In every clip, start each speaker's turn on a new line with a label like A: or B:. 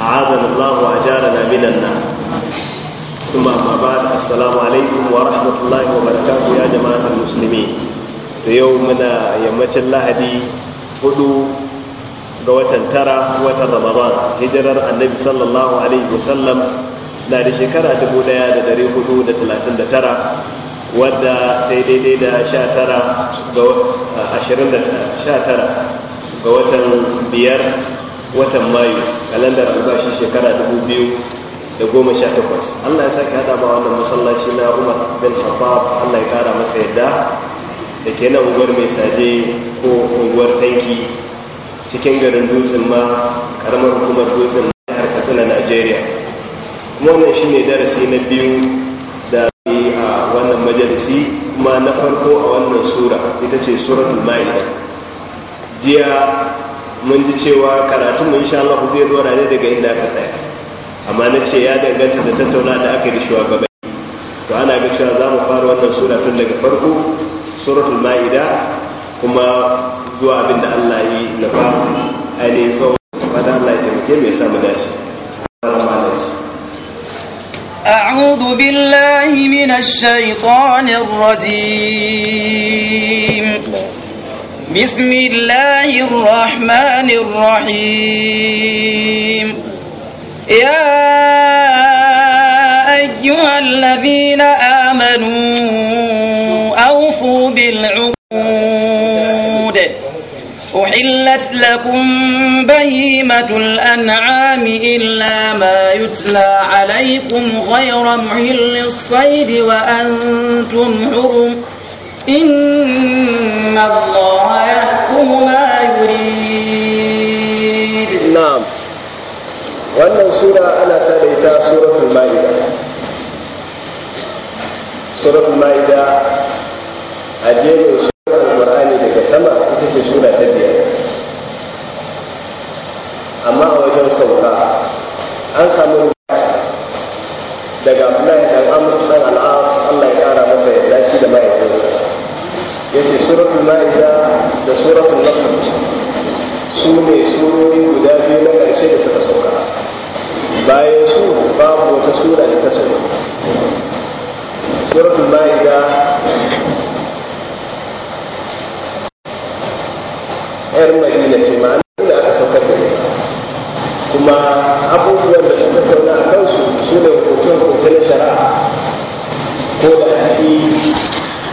A: أعاذنا الله وأجارنا من النار ثم أما بعد السلام عليكم ورحمة الله وبركاته يا جماعة المسلمين يومنا يمت اللهدي هدو قوة ترى قوة رمضان هجر النبي صلى الله عليه وسلم na da shekara tara, wadda ta yi daidai da sha tara ga watan biyar watan mayu kalandar albashi shekara 2018 Allah ya sake hada ba wannan masallaci na Umar bin Khattab Allah ya kara masa yadda da ke nan unguwar mai saje ko unguwar tanki cikin garin dutsen ma karamar hukumar dutsen ma katsina Najeriya kuma wannan shine darasi na biyu da a wannan majalisi kuma na farko a wannan sura ita ce suratul maida jiya mun ji cewa karatun mu insha Allah zai dora ne daga inda aka tsaya amma na ce ya danganta da tattauna da aka yi gaba to ana ga cewa za mu fara wannan sura tun daga farko suratul ma'ida kuma zuwa abin da Allah yi na fara ainihin sau fada Allah ya taimake mai samu dace
B: أعوذ بالله من الشيطان الرجيم بسم الله الرحمن الرحيم يا أيها الذين آمنوا أوفوا بالعقود أحلت لكم بهيمة الأنعام إلا ما يتلى عليكم غير محل الصيد وأنتم حرم إن الله
A: يحكم ما يريد نعم wannan sura ana ta da ita suratul ma'ida suratul ma'ida a jerin surar alƙur'ani daga sama ita ce sura ta biyar amma a wajen sauka an samu daga abdullahi dan amr dan al'as Allah ya kara masa yadda shi da ma'aikinsa. ya ce suratul ma'ida da suratul nasr su ne surori guda biyu na karshe da suka sauka bayan su babu wata sura da ta sauka suratul ma'ida yar madina ce ma da aka saukar da ita kuma abubuwan da suka tauna a kansu su ne hukuncin hukuncin shari'a ko da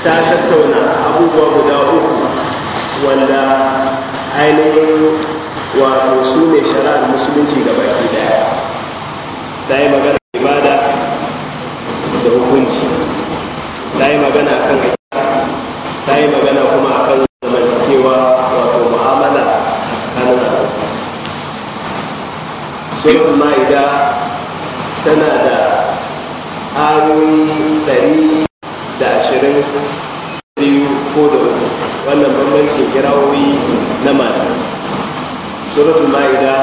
A: ta tattauna abubuwa guda uku wanda ainihin wato su ne shara'ar musulunci ga baki daya ta yi magana ibada da hukunci ta yi magana kan aƙida ta yi magana kuma akan zamantakewa wato mu'amala a tsakanin suratul ma'ida tana da ayoyi ashirin biyu ko da uku wannan bambancin kirawoyi na mata suratul ma'ida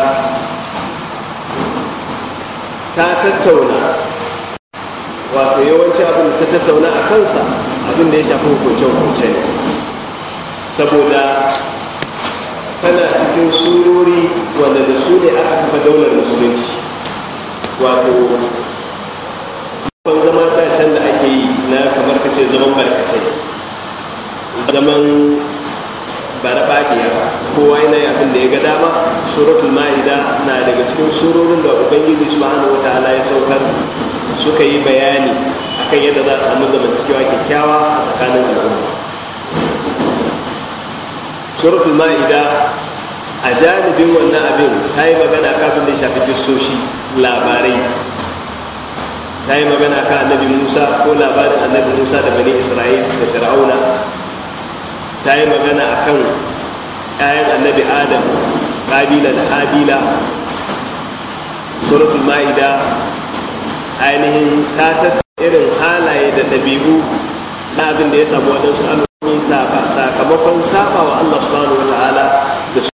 A: ta tattauna wato yawanci abin ta tattauna a kansa abin da ya shafi hukunce-hukunce ne saboda tana cikin surori wanda da su ne aka kafa daular musulunci wato ban zaman ɗacen da ake yi na kamar ka ce zaman barkatai zaman barbaɗiya kowa yana yi abin da ya ga dama suratul ma'ida na daga cikin surorin da ubangiji subhanahu wata ala ya saukar suka yi bayani akan yadda za a samu zamantakewa kyakkyawa a tsakanin al'umma suratul ma'ida a janibin wannan abin ta yi magana kafin da ya shafi kisoshi labarai ta yi magana kan annabi musa ko labarin annabi musa da bani isra'il da fir'auna ta yi magana a kan ‘ya'yan annabi adam ƙabila da habila suratul ma'ida ainihin ta irin halaye da ɗabi'u na abin da ya samu waɗansu al'ummi sakamakon saba wa allah subhanahu wa ta'ala da su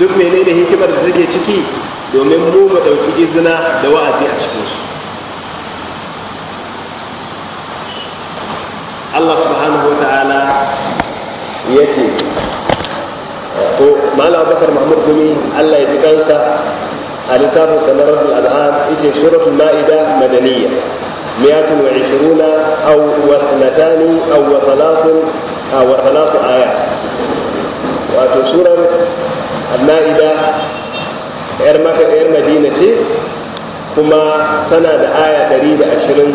A: duk menene hikimar da take ciki domin mu mu ɗauki izina da wa'azi a cikinsu الله سبحانه وتعالى يتي أه، ما لا بكر محمود بني الله يتكنسى أن سمر رب الأذهان إيجي شورة المائدة مدنية مئات وعشرون أو وثنتان أو وثلاث أو وثلاث آيات وأتو سورة المائدة إرمك إرمدينة كما تنا آية دريدة أشرين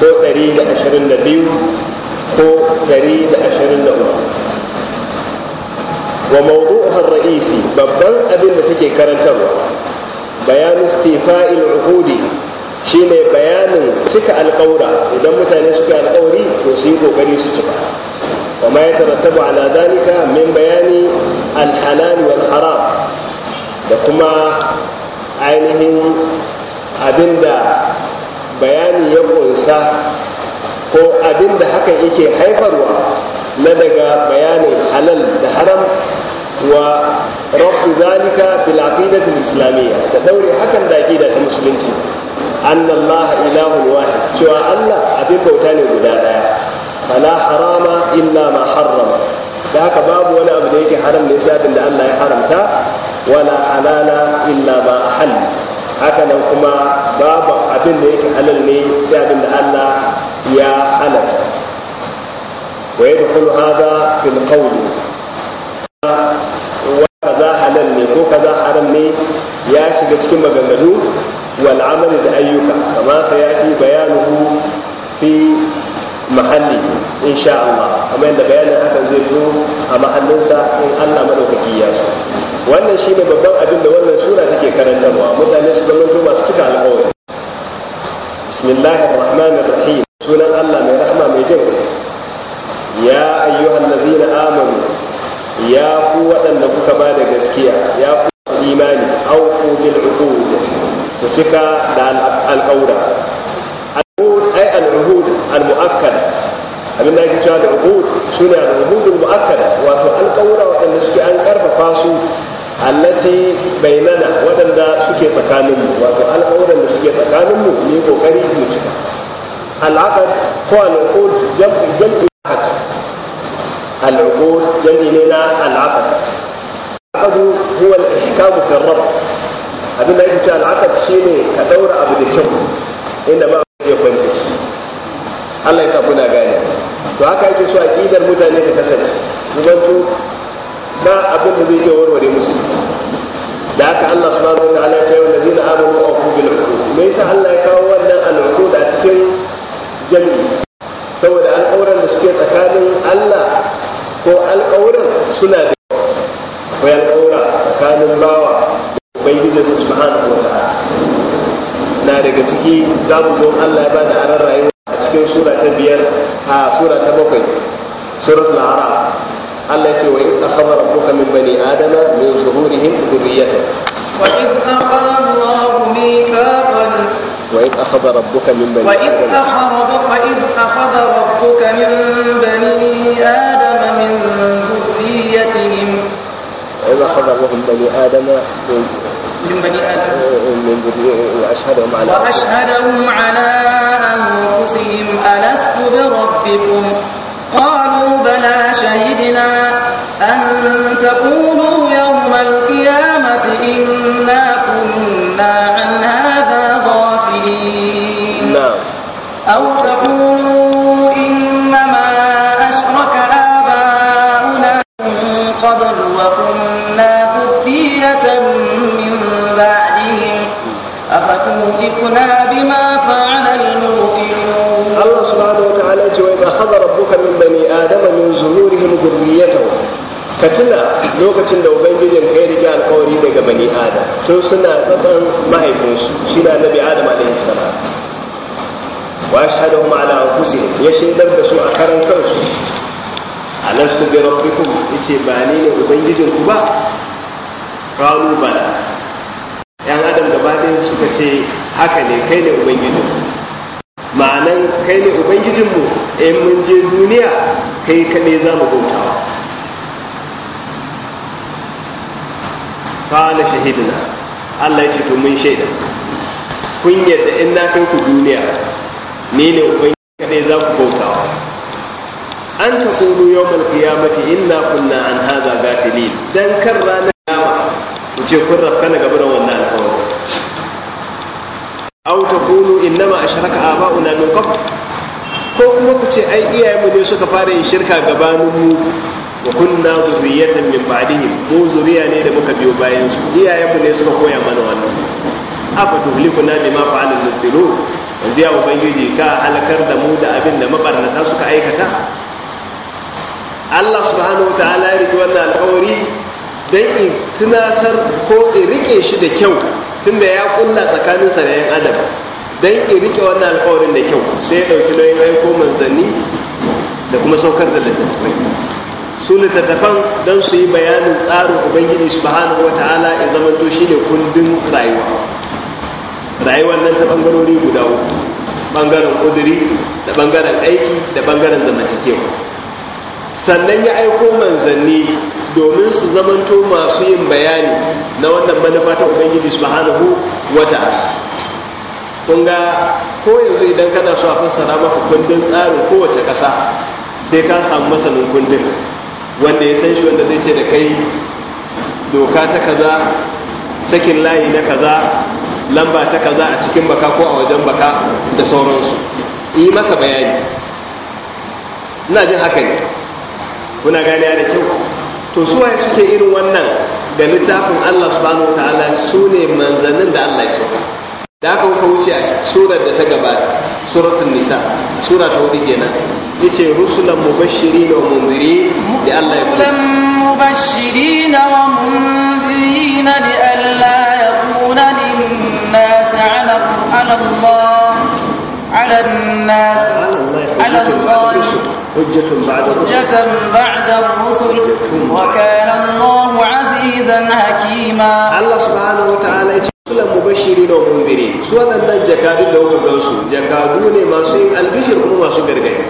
A: ko 122 ko 123 وموضوعها الرئيسي babban abin da take karantarwa bayanin istifa'il uqudi shine bayanin cika alƙawura idan mutane suka alƙawari to su yi kokari su cika wa ya yatarattabu ala dalika min bayani al wal haram da kuma ainihin abinda bayani ya kunsa ko abin da haka yake haifarwa na daga bayanin halal da haram wa rabu zalika bil islamiyya da daure hakan da aqida ta musulunci annallaha ilahun wahid cewa Allah abin bauta ne guda daya fala harama illa ma harrama da haka babu wani abu da yake haram ne sai da Allah ya haramta wala halala illa ma halal haka nan kuma babu abin da yake halal ne sai abin da Allah ya halatta wa yadkhulu hadha fil qawl wa kaza halal ne ko kaza haram ne ya shiga cikin maganganu wal amali da ayyuka kama sai ya fi bayanuhu fi mahalli insha Allah kamar yadda bayanin hakan zai zo a mahallinsa in Allah madaukaki ya so wannan shi ne babban abin da wannan sura take karantarwa mutane su zama masu cika alƙawari bismillahir rahmanir rahim sunan Allah mai rahama mai jin ya ayyuhan ladina amanu ya ku waɗanda kuka ba da gaskiya ya ku imani auku bil uqud ku cika da alƙawura abin da ake cewa da uhud suna da uhudul mu'akkada wato an kaura waɗanda suke an ƙarfafa su allati bainana waɗanda suke tsakaninmu wato alƙawuran da suke tsakaninmu ne ƙoƙari mu cika al'aqad ko al'uqud jam'i ahad al'uqud jam'i ne na al'aqad al'aqad huwa al-ihkam fi ar-rabb abin da yake cewa al'aqad shine ka daura abu da kyau inda ba ya kwance shi Allah ya sa kuna gane to haka ake so aqidar mutane ta kasance zubantu ba abin da zai iya warware musu da haka Allah subhanahu wataala ya ce wa ladina amanu aqu bil uqud me yasa Allah ya kawo wannan al-uqud a cikin jam'i? saboda alƙawuran da suke tsakanin Allah ko alƙawuran suna da akwai alƙawura tsakanin bawa da ubangijinsa subhanahu wataala na daga ciki za mu zo Allah ya bada aran rayuwa a cikin sura ta biyar a sura ta bakwai suratul ara Allah ce wai ka akhadha rabbuka min bani adama min zuhurihim dhurriyyatahum
B: wa in akhadha Allahu mithaqan
A: wa in akhadha rabbuka min bani adama
B: wa in akhadha rabbuka min bani adama min dhurriyyatihim
A: wa in akhadha rabbuka bani adama من بني آدم وأشهدهم على وأشهدهم على
B: أنفسهم ألست بربكم قالوا بلى شهدنا أن تقولوا يوم القيامة إنا كنا عن هذا غافلين نعم. أو تقولوا وذقنا بما فعل
A: الموقنون الله سبحانه وتعالى وإذا أخذ ربك من بني آدم من ظهورهم ذريتهم ka tuna lokacin da ubangijin kai rike alkawari daga bani adam tun suna tsatsan mahaifinsu shi na nabi adam alaihi salam wa kuma ala anfusihim ya shaidar da su a karan kansu alastu bi rabbikum ce ba ni ne ubangijin ku ba qalu bala yan adam gaba ɗaya suka ce haka ne kai ne ubangijin ma'anan kai ne ubangijinmu in mun je duniya kai kaɗai za mu bautawa fa'ala shahidina Allah ya ce to mun shaida kun yadda in na kai ku duniya ne ne ubangijin kaɗai za ku bautawa an ta kulu yawmal qiyamati ina kunna an haza gafili don kan ranar ku ce kun rafkana gaba da wannan alkawari aw taqulu innama ashraka aba'una min qabl ko kuma ku ce ai iyayenmu ne suka fara yin shirka gabanin mu wa kunna zuriyatan min ba'dihim mu zuriya ne da muka biyo bayan su iyayenmu ne suka koya mana wannan afa na bima fa'ala al-mubtilun wanzu ya ubangiji ka halakar da mu da abin da mabarnata suka aikata Allah subhanahu wa ta'ala ya riki wannan alƙawari don in tunasar ko in rike shi da kyau tunda ya kulla tsakaninsa da 'yan adam don in rike wannan alkawarin da kyau sai ya ɗauki nauyin aiko manzanni da kuma saukar da littattafai su littattafan don su yi bayanin tsarin ubangiji subhanahu wata ala ya zama to shi ne kundin rayuwa rayuwar nan ta bangarori guda uku bangaren kuduri da bangaren aiki da bangaren zamantakewa sannan ya aiko manzanni domin su zamanto masu yin bayani na wannan manufa ta ubangiji subhanahu wata'ala kun ga ko yanzu idan kana so a fassara maka kundin tsarin kowace ƙasa sai ka samu masanin kundin wanda ya san shi wanda zai ce da kai doka ta kaza sakin layi na kaza lamba ta kaza a cikin baka ko a wajen baka da sauransu yi maka bayani ina jin haka ne kuna gani da kyau to suwaye suke irin wannan ga littafin Allah subhanahu wataala su ne manzannin da Allah ya saka da aka kuka wuce a surar da ta gabata suratul nisa sura ta hudu kenan yace rusulan mubashirin wa munzirin da Allah ya kula
B: mubashirin wa munzirin li alla yakuna lin nas ala Allah على
A: الناس على الله حجة
B: بعد الرسل
A: وكان
B: الله عزيزا حكيما الله سبحانه
A: وتعالى mubashiri na munziri su waɗannan jakadu da kuka gansu jakadu ne masu yin albishir kuma masu gargadi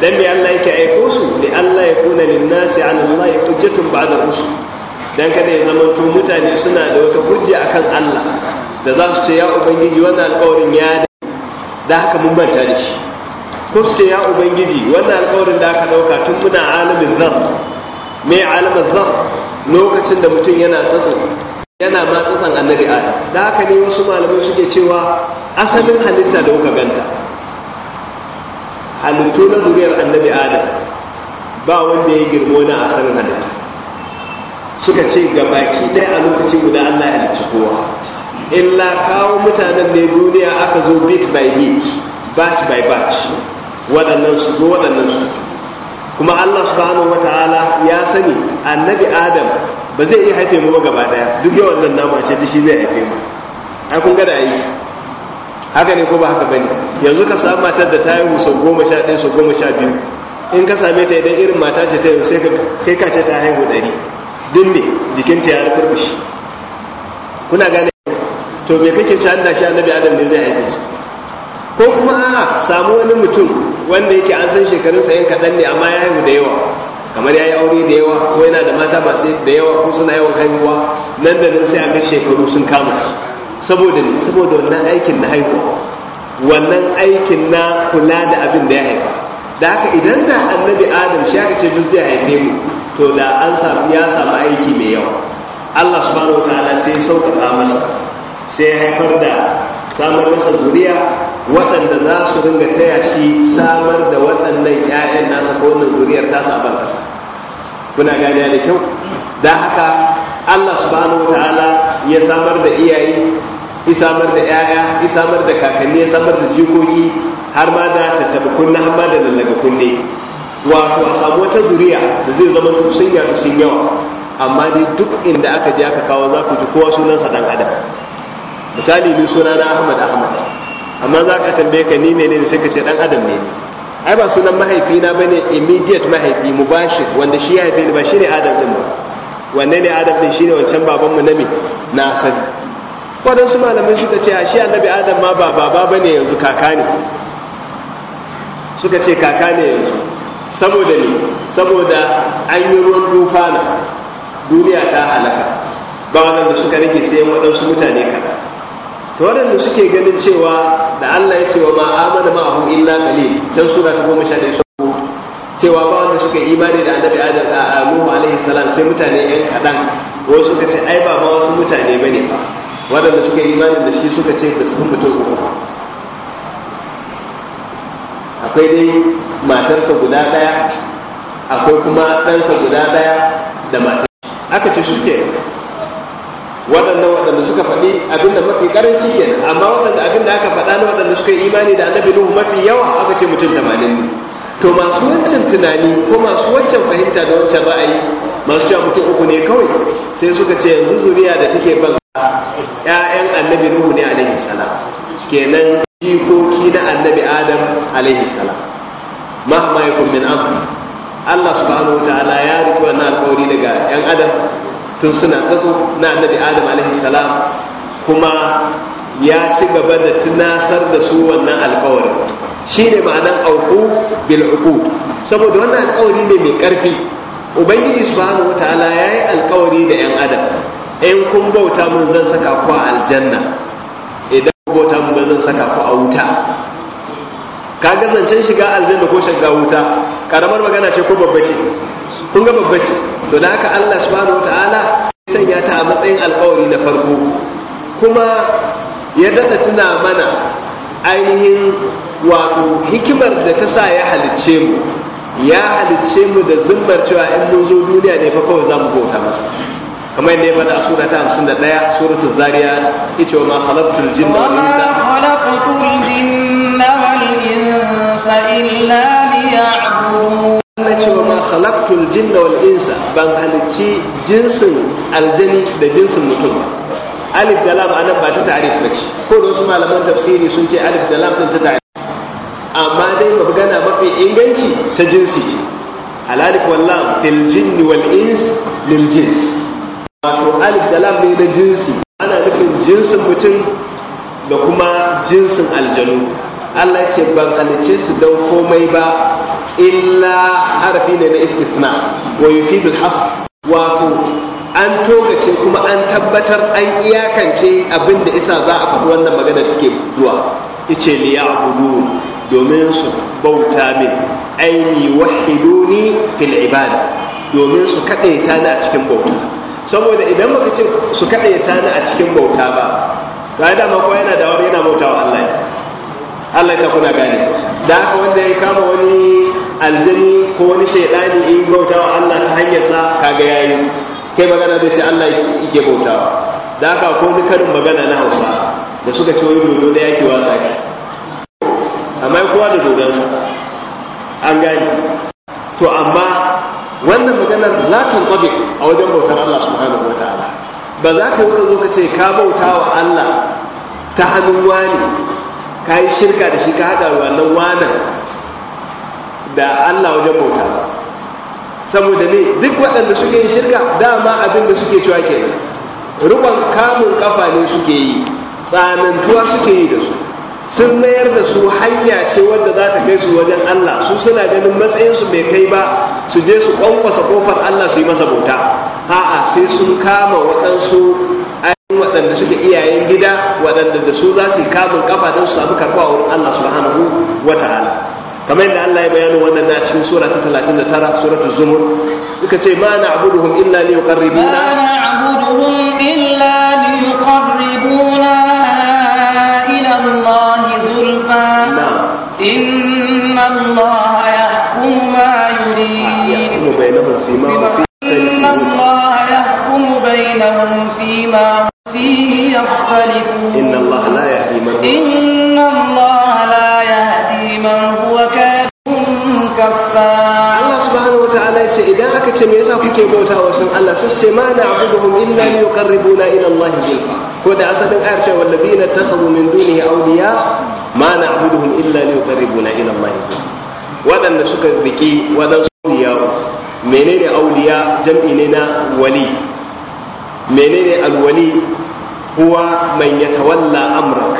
A: dan me Allah yake aiko su da Allah ya kuna ala Allah hujjatun ba'da rusul dan kada ya zama to mutane suna da wata hujja akan Allah da za su ce ya ubangiji wannan alƙawarin ya da haka mun banta da shi ko su ce ya ubangiji wannan alƙawarin da aka ɗauka tun muna alamin zan me alamin zan lokacin da mutum yana tsasan yana ma tsasan annabi adam da haka ne wasu malamai suke cewa asalin halitta da kuka ganta halittu na zuriyar annabi adam ba wanda ya girmo na asalin halitta suka ce ga baki ɗaya a lokaci guda allah ya halicci kowa illa kawo mutanen ne duniya aka zo bit by bit batch by batch waɗannan su zo waɗannan su kuma Allah subhanahu wata'ala ya sani annabi Adam ba zai iya haife mu gaba daya duk yawan nan nama ce shi zai haife mu ai kun ga da yi. haka ne ko ba haka bane yanzu ka samu matar da ta haihu sau goma sha ɗaya sau goma sha biyu in ka same ta idan irin mata ce ta yi sai kai ka ce ta haihu ɗari duk ne jikinta ya rukurkushi kuna gane to me kake ci Allah shi annabi adam ne zai haife shi ko kuma a samu wani mutum wanda yake an san sa yan kaɗan ne amma ya haihu da yawa kamar yayi aure da yawa ko yana da mata ba sai da yawa ko suna yawan haihuwa nan da nan sai an ga shekaru sun kama shi saboda ne saboda wannan aikin na haihuwa wannan aikin na kula da abin da ya haifa da haka idan da annabi adam shi aka ce duk zai haife mu to da an samu ya samu aiki mai yawa Allah subhanahu ta'ala sai ya sauƙaƙa masa sai ya haifar da samar masa zuriya waɗanda za su ringa taya shi samar da waɗannan 'ya'yan nasa ko wannan zuriyar tasa a ban kuna gani da kyau da haka Allah subhanahu ta'ala ya samar da iyaye ya samar da yaya ya samar da kakanni ya samar da jikoki har ma da tattabi kunne har ma da lallaga kunne wato a samu wata zuriya da zai zama sun yawa sun yawa amma dai duk inda aka je aka kawo za ku ji kowa sunansa dan adam misali ni na ahmad ahmad amma za ka tambaye ka ni menene sai ka ce dan adam ne ai ba sunan mahaifina bane immediate mahaifi mubashir wanda shi ya haife ni ba shine adam din ba wanne ne adam din shine wancan baban mu nabi na asali wadansu malaman suka ce a shi annabi adam ma ba baba bane yanzu kaka ne suka ce kaka ne yanzu saboda ne saboda an yi ruwan tufana duniya ta halaka ba wadanda suka rage sayan waɗansu mutane kaɗan to waɗanda suke ganin cewa da Allah ya cewa ma amana hu illa qalil can sura ta 11 cewa ba wanda suka imani da annabi Adam da Nuhu alaihi salam sai mutane yan kadan wasu suka ce ai ba ma wasu mutane bane ba waɗanda suka imani da shi suka ce ba su mutum ba akwai dai matarsa guda ɗaya akwai kuma ɗansa guda ɗaya da matarsa aka ce suke waɗannan waɗanda suka faɗi abinda mafi ƙaranci yana amma waɗanda abinda aka faɗa na waɗanda suka yi imani da annabi nuhu mafi yawa aka ce mutum tamanin ne to masu wancan tunani ko masu wancan fahimta da wancan ra'ayi masu cewa mutum uku ne kawai sai suka ce yanzu zuriya da take ban ƴaƴan annabi nuhu ne alaihi salam kenan jikoki na annabi adam alaihi salam mahma yakun min amri Allah subhanahu wa ta'ala ya rike wannan alƙawari daga ƴan adam tun suna tsatso na annabi adam alaihi salam kuma ya ci gaba da tunasar da su wannan alkawarin shi ne ma'anan auku bil'uku saboda wannan alkawari ne mai karfi ubangiji wata ala ya yi alkawari da 'yan adam in kun bauta mun zan saka ku a aljanna idan kun bauta mun zan saka ku a wuta ka ga zancen shiga aljanna ko shiga wuta karamar magana ce ko babba kun ga babba to da haka Allah subhanahu wataala sanya ta a matsayin alƙawari na farko kuma ya dada tuna mana ainihin wato hikimar da ta sa ya halicce mu ya halicce mu da zumbar cewa in mun zo duniya ne fa kawai zamu bauta masa kamar yadda ya faɗa a sura ta 51 suratul zariyat ita wa ma khalaqtul jinna wal insa
B: khalaqtul jinna wal insa illa إلا ma
A: ما خلقت الجن والإنس ban هلتي jinsin aljani da jinsin mutum. alif da lam anan ba ta ta'arif ce, ko da wasu malaman tafsiri sun ce alif da lam din ta ta'arif amma dai magana mafi inganci ta jinsi ce alif wal lam fil jinni wal ins lil jins wato alif da lam ne na jinsi ana nufin jinsin mutum da kuma jinsin aljanu Allah ce ban halice su don komai ba illa harafi ne na istisna wa bil has wato an tokace kuma an tabbatar an iyakance abinda isa za a faɗi wannan magana take zuwa ice li ya'budu domin su bauta min aini wahiduni fil ibada domin su kadaita ni a cikin bauta saboda idan muka ce su kadaita ni a cikin bauta ba ga da ko yana da wani yana bautawa Allah Allah ya kuna gane da haka wanda ya kama wani aljini ko wani shaidani in bautawa Allah ta hanyar sa kaga yayi kai magana da ce Allah yake bautawa da haka ko wani magana na Hausa da suka ce wai dodo da yake wasa ki amma kowa da sa an gane to amma wannan maganar la tunqabi a wajen bautar Allah subhanahu wataala ba za ka yi ka zo ka ce ka bauta wa Allah ta hannun wani ka yi shirka da shi ka haɗa wannan wanan da allah wajen bauta saboda ne duk waɗanda suke yin shirka dama abinda suke cewa ke ruban kamun kafa ne suke yi tsanantuwa suke yi da su sun mayar da su hanya ce wadda za ta kai su wajen allah su suna ganin matsayinsu mai kai ba su je su ƙwanƙwasa ƙofar allah su yi masa bauta a'a sai sun kama waɗansu waɗanda suke iyayen gida waɗanda da su za su kamun kafa don su samu karɓa wurin Allah subhanahu wa ta'ala kamar yadda Allah ya bayani wannan na cikin sura ta 39 suratu zumur suka ce ma na'buduhum illa liyuqarribuna
B: ma na'buduhum illa liyuqarribuna ila Allah zulfa inna Allah yahkumu ma yurid ah, yahkumu
A: bainahum fima inna
B: Allah yahkumu bainahum fima فيه يختلفون إن الله لا يهدي من هو إن الله لا يهدي من هو كافر كفار
A: الله سبحانه وتعالى إذا أكت من يسا كي موتا وسن الله سبحانه ما نعبدهم إلا ليقربونا إلى الله جلفا وده أسد أرجع والذين اتخذوا من دونه أولياء ما نعبدهم إلا ليقربونا إلى الله جلفا waɗanda suka riki waɗansu auliya menene auliya jam'i ne na wali menene alwali huwa man yatawalla amrak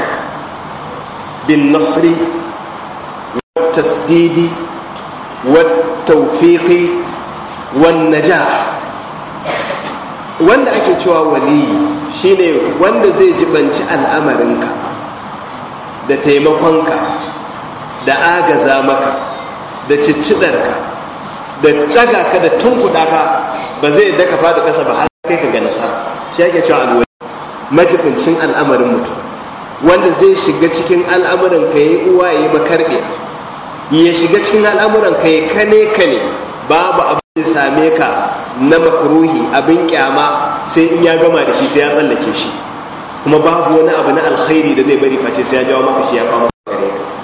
A: bin nasri wat tasdidi wat tawfiqi wan najah wanda ake cewa waliyi shine wanda zai jibanci al'amarinka da taimakonka da agaza maka da ka. da tsaga ka da tunkuɗa ka ba zai yadda ka fada ƙasa ba har kai ka ga nasara shi yake cewa alwali majibincin al'amarin mutum wanda zai shiga cikin al'amuran ka yi uwa ya yi makarɓe ya shiga cikin al'amuran ka yi kane kane babu abu da same ka na makaruhi abin kyama sai in ya gama da shi sai ya tsallake shi kuma babu wani abu na alkhairi da zai bari face sai ya jawo maka shi ya kawo maka gare ka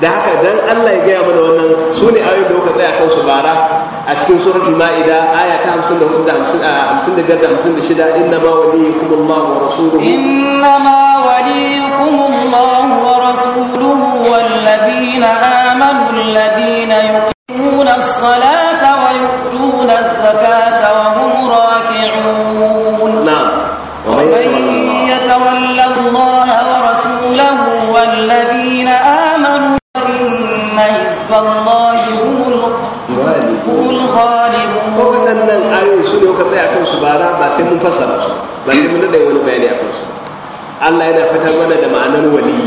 A: da haka dan Allah ya gaya mana wannan su ne ayoyin da muka tsaya kansu bara a cikin suratul ma'ida aya ta 54 da 55 da 56 inna ma waliyukum Allah wa rasuluhu
B: inna ma wa rasuluhu wal amanu alladina yuqimuna as-salata wa yu'tuna az-zakata
A: waɗanda su ne muka tsaya kan su bara ba sai mun fasara su ba sai mun daɗai wani bayani a kansu Allah yana fitar mana da ma'anar wali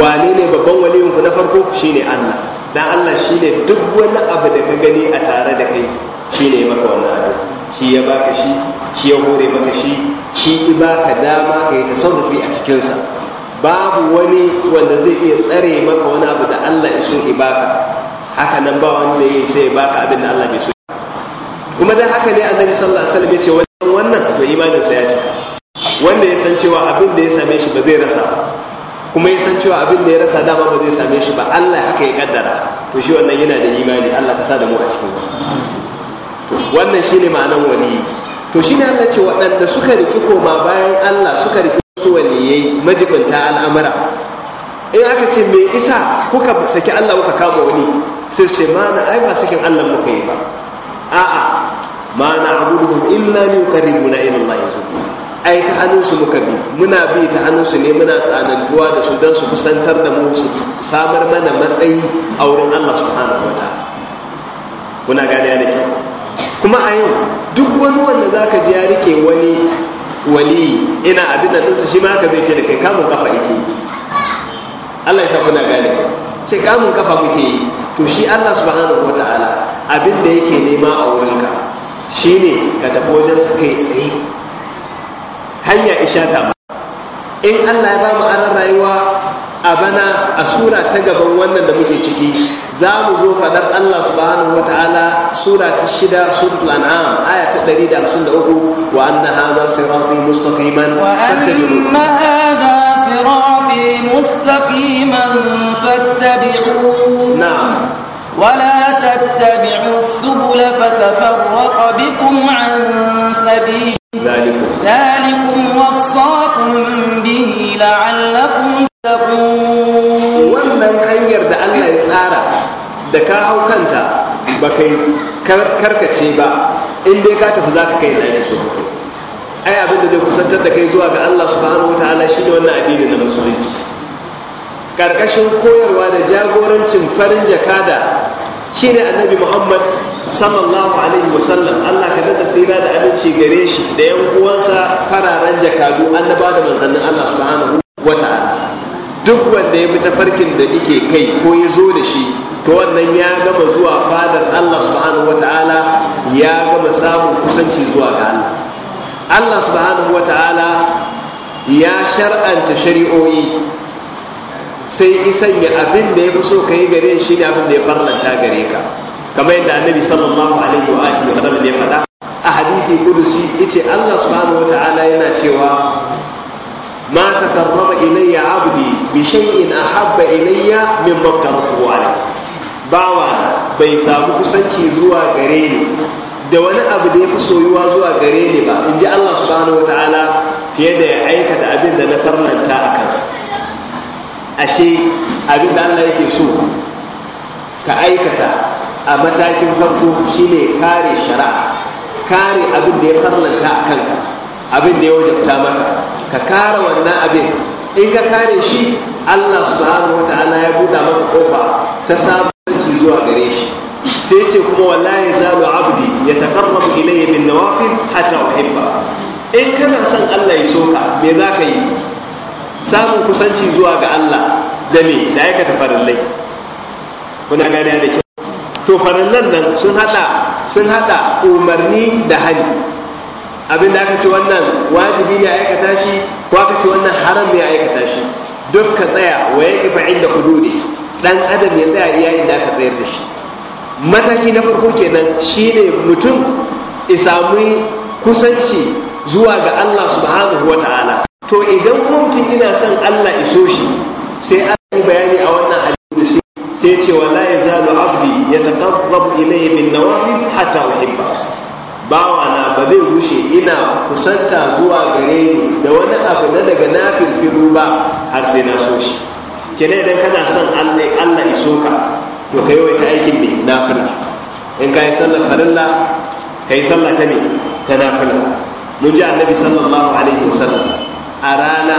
A: wane ne babban waliyin ku na farko Shi ne Allah dan Allah shi ne duk wani abu da ka gani a tare da kai shi ne maka wani abu shi ya baka shi shi ya hore maka shi shi ya baka dama yi tasarrufi a cikinsa. babu wani wanda zai iya tsare maka wani abu da Allah ya so baka. haka nan ba wanda ya sai baka abin da Allah bai so kuma dan haka ne annabi sallallahu alaihi wasallam ya ce wannan wannan to imanin sa ya ce wanda ya san cewa abin da ya same shi ba zai rasa kuma ya san cewa abin da ya rasa dama ba zai same shi ba Allah haka ya kaddara to shi wannan yana da imani Allah ka sa da mu a cikin wannan shine ma'anan wani to shine Allah ce waɗanda suka riki koma bayan Allah suka riki su waliyai majibanta al'amura in aka ce me isa kuka saki Allah kuka kama wani sai ce ma na ai ba sakin Allah muka yi ba a'a ma na'buduhum illa liqarribuna ila allahi zulfa ai ta hannun su muka bi muna bi ta hannun su ne muna tsanantuwa da su dan su kusantar da mu su samar mana matsayi a wurin Allah subhanahu wa kuna gane ne kuma a yau duk wani wanda zaka ji ya rike wani wali ina abin da shi ma ka zai ce da kai kamun kafa yake Allah ya sa kuna gane sai kamun kafa muke yi to shi Allah subhanahu wataala abin da yake nema a wurinka ne ka tafi wajen su kai tsaye hanya ba in Allah ya ba mu aran rayuwa a bana a sura ta gaban wannan da muke ciki za mu zo fadar Allah subhanahu wa ta'ala sura ta shida suratul an'am aya ta 153 wa anna hadha sirati mustaqiman wa anna
B: hadha sirati mustaqiman fattabi'u na'am ولا تتبعوا السبل فتفرق بكم عن سبيله ذلكم وصاكم به لعلكم wannan hanyar
A: da Allah ya tsara da ka hau kanta ba kai karkace ba in dai ka tafi za ka kai na yake so ai abinda zai kusantar da kai zuwa ga Allah subhanahu wataala shi ne wannan addini na musulunci karkashin koyarwa da jagorancin farin jakada shi ne annabi muhammad sallallahu alaihi wasallam Allah ka zata tsira da aminci gare shi da yan uwansa fararen jakadu annaba da manzannin Allah subhanahu wataala duk wanda ya bi farkin da yake kai ko ya zo da shi to wannan ya gama zuwa fadar Allah subhanahu wata'ala ya gama samun kusanci zuwa ga Allah Allah subhanahu wata'ala ya shar'anta shari'o'i sai isan ya abin da ya fi so ka yi gare shi ne abin da ya farlanta gare ka kamar yadda annabi sallallahu alaihi wa alihi wa sallam ya faɗa a hadisi kudusi yace Allah subhanahu wata'ala yana cewa ma takarraba ilayya abdi bi shay'in ahabba ilayya mimma qaratu alayhi bawa bai samu kusanci zuwa gare ni da wani abu da yafi soyuwa zuwa gare ni ba inji Allah subhanahu wataala fiye da ya aikata abin da na farlanta a kansa ashe abin da Allah yake so ka aikata a matakin farko shine kare shari'a kare abin da ya farnanta a kanka abin da ya wajabta maka ka kare wannan abin in ka kare shi Allah subhanahu wata'ala ya buɗa maka kofa ta su zuwa gare shi sai ce kuma wallahi zalu abdi ya taqarrabu ilayya min nawafil hatta uhibba in kana son Allah ya soka me za ka yi samun kusanci zuwa ga Allah da me da aikata farallai kuna gane da kyau to farallan nan sun hada sun hada umarni da hali abin da aka ce wannan wajibi ya aikata shi ko aka ce wannan haram ya aikata shi duk ka tsaya wa ya kifa inda ne ɗan adam ya tsaya iya inda aka tsayar da shi mataki na farko kenan shine mutum samu kusanci zuwa ga Allah subhanahu wataala to idan mutum ina son Allah iso shi sai an yi bayani a wannan hadisi sai ce wala yazalu abdi yataqarrabu ilayhi bin nawafil hatta uhibba na ba zai rushe ina kusanta zuwa gare ni da wani abu na daga na firfiru ba har sai na so shi kene idan kana son Allah Allah iso ka to kai wai ta aikin ne nafila in kai sallar farilla kai sallar ta ne ta nafila mun ji annabi sallallahu alaihi wasallam a rana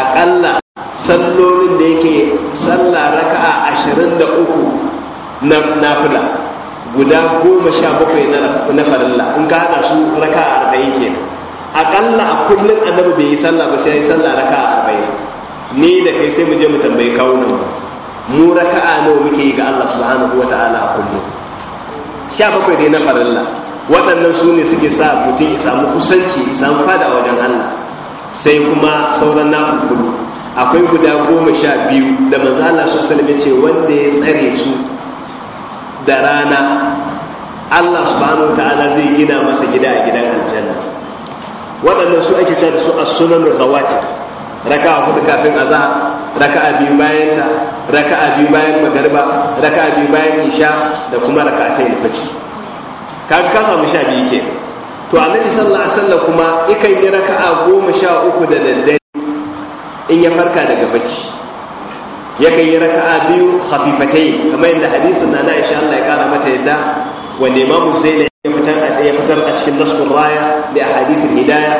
A: akalla sallolin da yake ashirin raka'a 23 na nafila guda goma sha bakwai na la. in ka haɗa su raka a arba'in ke aƙalla a kullum annabi bai yi sallah ba sai ya yi sallah raka a arba'in ni da kai sai mu je mu tambayi kawunan mu raka'a nawa muke yi ga Allah subhanahu wa ta'ala a kullum sha bakwai dai na la. waɗannan su ne suke sa mutum ya samu kusanci ya samu fada wajen Allah sai kuma sauran na kudu akwai guda goma sha biyu da manzala su salme ce wanda ya tsare su da rana Allah subhanahu wa ta'ala zai gina masa gida a gidan aljanna waɗannan su ake cewa da su as-sunan rawatib raka'a hudu kafin raka raka'a biyu bayan ta raka'a biyu bayan magariba raka'a biyu bayan isha da kuma raka'atai da faci kan ka samu sha biyu ke to annabi sallallahu alaihi wasallam kuma yakan yi raka'a goma sha uku da daddare in ya farka daga bacci yakan yi raka'a biyu khafifatai kamar yadda hadisin na na insha Allah ya kara mata yadda wanda Imam Zainab ya fitar a ya fitar a cikin nasu Raya da ahadithul Hidaya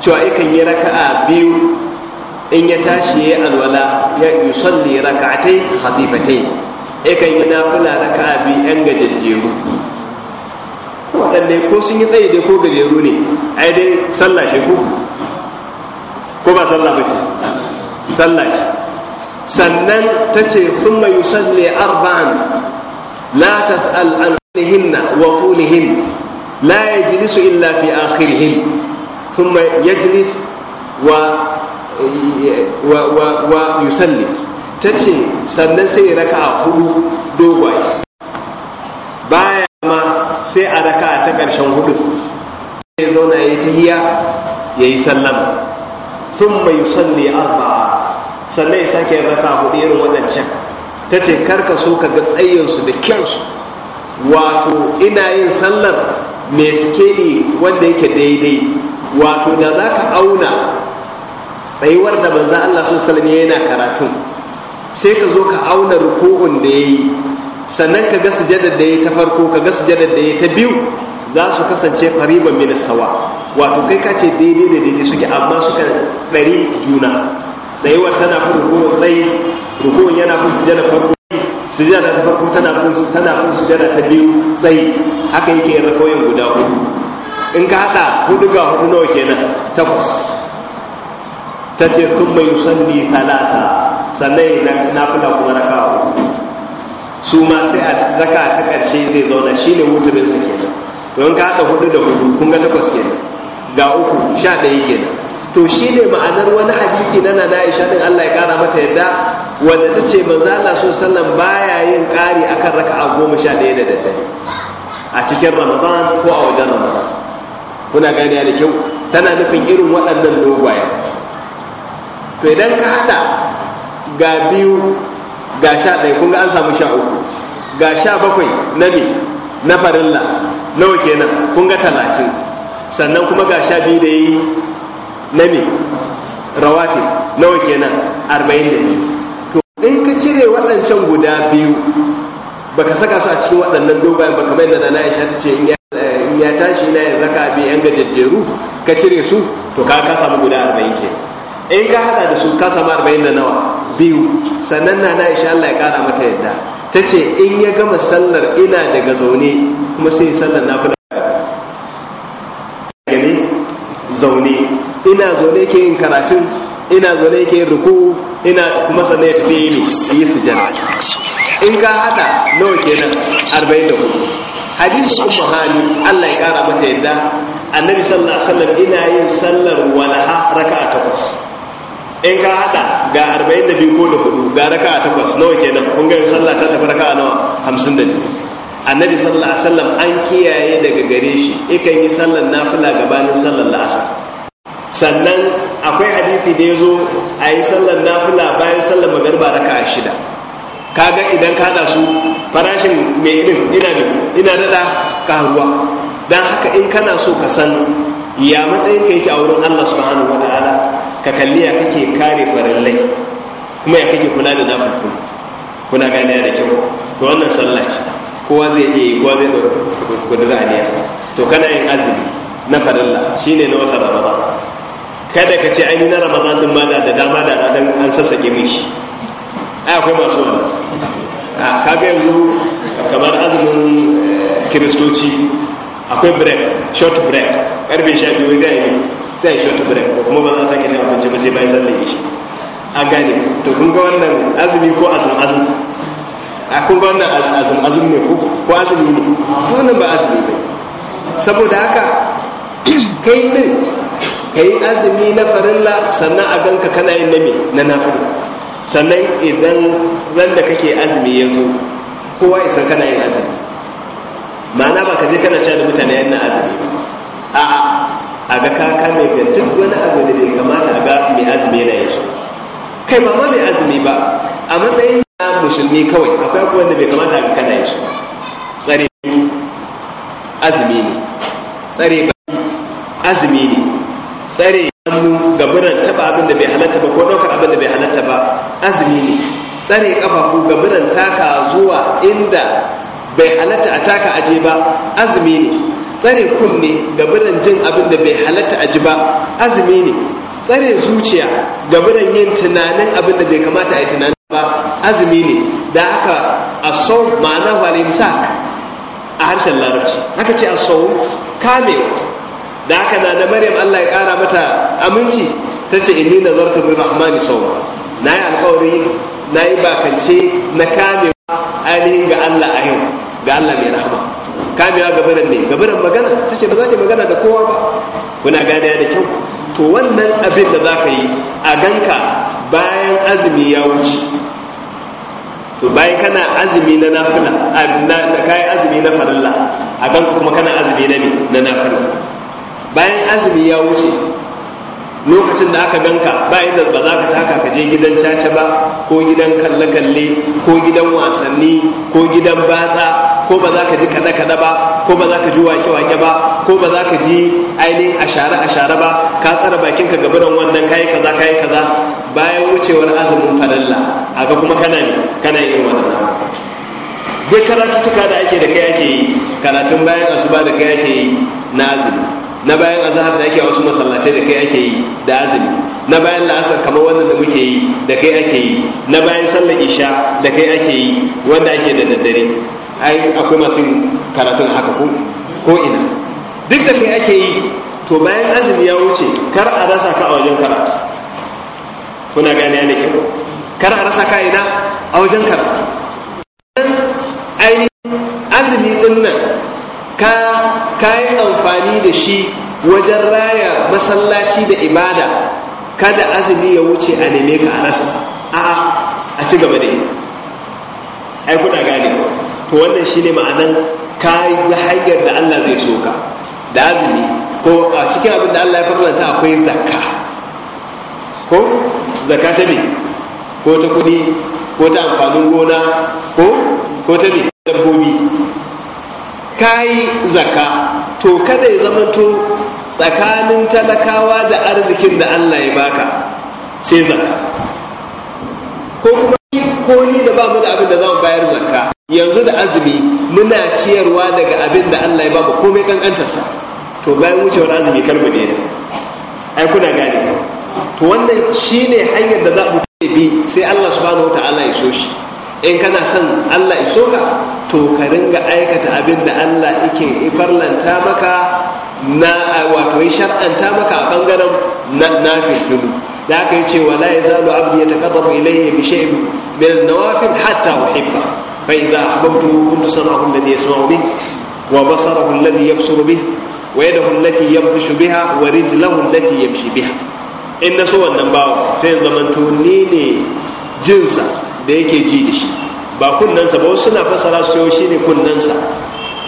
A: cewa yakan yi raka'a biyu in ya tashi yi alwala ya yusalli raka'atai khafifatai yakan yi nafila raka'a biyu yan gajejjeru waɗanne ko sun yi tsaye dai ko gajeru ne ai dai sallah shi ko ko ba sallah ba ce sallah sannan ta ce sun mai yusalli arba'an la tas'al an hinna wa qulihin la yajlisu illa fi akhirihin thumma ya wa wa wa wa Ta ce sannan sai ya raka a hudu dogwaye baya ma sai a raka'a ta ƙarshen hudu sai zauna yayi tahiyya yayi sallama thumma yusalli arba'a sannan ya sake raka hudu irin wadancan ta ce karka so ka ga tsayinsu da kyansu wato ina yin sallar mai sikeli wanda yake daidai wato da za ka auna tsayuwar da banza Allah sun salmi yana karatun sai ka zo ka auna ruku'un da ya yi sannan ka ga sujadar da ya ta farko ka ga sujadar da ya ta biyu za su kasance fariban minisawa sawa wato kai ka ce daidai da daidai suke amma suka ɗari juna tsayuwar tana fi rukuwar tsayi yana fi sujada farko sujada ta farko tana fi tana fi sujada ta biyu tsayi haka yake yin rakoyin guda hudu in ka haɗa hudu ga hudu nawa kenan takwas ta ce sun mai sanni talata sannan na nafila kuma kawo. su ma sai a zaka ta ƙarshe zai zauna shi ne wuturin su kenan don ka haɗa hudu da hudu kun ga takwas kenan ga uku sha ɗaya kenan to shi ne ma'anar wani hadithi na nana aisha din Allah ya kara mata yadda wanda ta ce manzo Allah so sallan baya yin kari akan raka'a goma sha ɗaya da daddare a cikin ramadan ko a wajen ramadan kuna gani da kyau tana nufin irin waɗannan dogwaye to idan ka haɗa ga biyu ga sha ɗaya kun ga an samu sha uku ga sha bakwai na me na farilla nawa kenan kun ga talatin sannan kuma ga sha biyu da yi na me rawatib nawa kenan Arba'in da 42 to in ka cire waɗancan guda biyu ba ka saka su a cikin waɗannan dogayen ba kamar yadda na Aisha ta ce in ya tashi na yin raka bi yan gajajjeru ka cire su to ka ka samu guda arba'in ke in ka hada da su ka samu arba'in da nawa biyu sannan na na Aisha Allah ya kara mata yadda ta ce in ya gama sallar ina daga zaune kuma sai sallar na nafila gane zaune ina zaune ke yin karatun ina zaune ke yin ruku ina kuma sanne ya ne yi yi sujada in ka hada nawa kenan 44 hadisin ummu hani Allah ya kara mata yadda annabi sallallahu alaihi wasallam ina yin sallar walaha raka'a takwas in ka hada ga 42 ko da hudu ga raka'a takwas nawa kenan kun ga sallah ta tafi raka'a nawa biyu. annabi sallallahu alaihi wasallam an kiyaye daga gare shi ikan yi sallar nafila gabanin sallar la'asar sannan akwai hadithi da ya zo a yi sallar nafula bayan sallar magarba raka shida kaga idan ka da su farashin mai irin ina da ina daɗa karuwa don haka in kana so ka san ya matsayin ka yake a wurin allah subhanahu wa ta'ala ka kalli ya kake kare farallai kuma ya kake kula da nafulfulu kuna gane da kyau to wannan sallah kowa zai iya yi kowa zai kudura ne to kana yin azumi na farilla shine na wata ramadan kada ka ce ainihin na ramadan din ma da dama da ranar an sassake mishi ai akwai masu wani a kaga yanzu kamar azumin eh, kiristoci akwai break short break karfe sha biyu zai yi sai short break ko kuma ba za a sake shi abinci ba sai bayan tsallake shi a gane to kun ga wannan azumi ko azum azum a kun ga wannan azum azum ne ko azumi ne wannan ba azumi ba saboda haka kai din ka yi azumi na farilla sannan a ganka kana yin nami na nafi sannan idan ran da kake azumi ya zo kowa isa kana yin azumi ma'ana ba ka je kana cewa da mutane yana azumi a a ga ka kame ga duk wani abu da bai kamata a ga mai azumi yana yin su kai ba ma mai azumi ba a matsayin na musulmi kawai akwai abubuwan da bai kamata a ga kana yin su tsare azumi ne tsare azumi ne tsare hannu ga birnin taba abin da bai halatta ba ko ɗaukar abin da bai halatta ba azumi ne tsare kafafu ga biran taka zuwa inda bai halatta a taka aje ba azumi ne tsare kunne ga birnin jin abin da bai halatta aje ba azumi ne tsare zuciya ga biran yin tunanin abin da bai kamata a yi tunanin ba azumi ne da aka asau ma'ana walimsak a harshen larabci haka ce asau kamewa da haka na da maryam Allah ya kara mata aminci ta ce inni nazartu lirrahmani sawma na yi alƙawari na yi bakance na kame ainihin ga Allah a yau ga Allah mai rahama kamewa gabaran ne gabaran magana ta ce ba za ki magana da kowa ba kuna gane da kyau to wannan abin da za ka yi a ganka bayan azumi ya wuce to bayan kana azumi na nafila na kayan azumi na farilla a ganka kuma kana azumi na ne na nafila bayan azumi ya wuce lokacin da aka ganka bayan da ba za ka taka ka je gidan caca ba ko gidan kalle-kalle ko gidan wasanni ko gidan batsa ko ba za ka ji kada-kada ba ko ba za ka ji wake-wake ba ko ba za ka ji ainihin ashare-ashare ba ka tsara bakinka gabanin wannan kayi kaza kayi kaza bayan wucewar azumin falalla aga kuma kana ne kana yin wannan duk tuka da ake da kai ake yi karatun bayan asuba da kai ake na azumi na bayan azahar da ake wasu masallatai da kai ake yi da azumi na bayan la'asar kamar wannan da muke yi da kai ake yi na bayan sallar isha da kai ake yi wanda ake da daddare ai akwai masu karatun haka ko ko ina duk da kai ake yi to bayan azumi ya wuce kar a rasa ka a wajen karatu kuna gane ne ke ko, kar a rasa ka ina a wajen karatu azumi din nan ka yi amfani da shi wajen raya masallaci da ibada kada azumi ya wuce a neme ka a rasa a a ci gaba da yi ai kuna gane to wannan shine ma'anan kayi hanyar da Allah zai so ka da azumi ko a cikin abin da Allah ya farlanta akwai zakka ko zakka ta ne ko ta kudi ko ta amfanin gona ko ko ta ne dabbobi kayi zaka to kada ya to tsakanin talakawa da arzikin da Allah ya baka sai zaka ko kuma ko ni da mu da abin da za mu bayar zakka yanzu da azumi muna ciyarwa daga abin da Allah ya baka komai sa, to bayan wucewar azumi kalmu ne ai kuna gane to wannan shine hanyar da za mu bi sai Allah subhanahu wataala ya so shi in kana son Allah iso ka to ka ringa aikata abin da Allah ike ifarlanta maka na wato ya shar'anta maka a bangaren na filfilu da aka yi cewa la ya zalu abu ya taƙaɓar ilayya bi shay'in min nawafil hatta uhibba fa a ahbabtu kuntu sam'ahu alladhi yasma'u bih wa basarahu alladhi yabsuru bih wa yadahu allati yabtashu biha wa rijlahu allati yamshi biha in na so wannan bawa sai zamanto ni ne jinsa da yake ji da shi ba kunnensa ba wasu suna fasara su ne shine kunnensa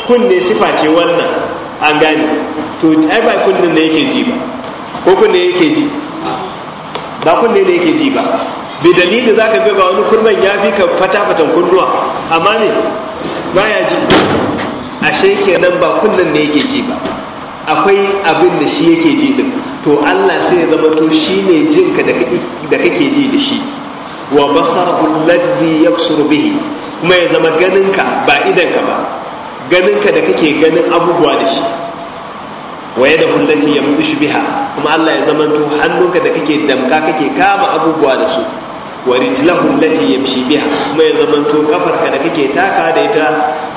A: kunne sifa ce wannan an gane to ai ba kunnen da yake ji ba ko kunne yake ji ba kunne ne yake ji ba bi dalili zaka ga ba wani kurban ya fi ka fata fatan kunnuwa amma ne ba ya ji ashe nan ba kunnen ne yake ji ba akwai abin da shi yake ji din to Allah sai ya zama to shine jinka da kake ji da shi wa basarahu alladhi yabsuru bihi kuma ya zama ganinka ba idanka ba ganinka da kake ganin abubuwa da shi wa yada kullati yamdushu biha kuma Allah ya zama to hannunka da kake damka kake kama abubuwa da su wa rijlahum lati yamshi biha kuma ya zama to kafarka da kake taka da ita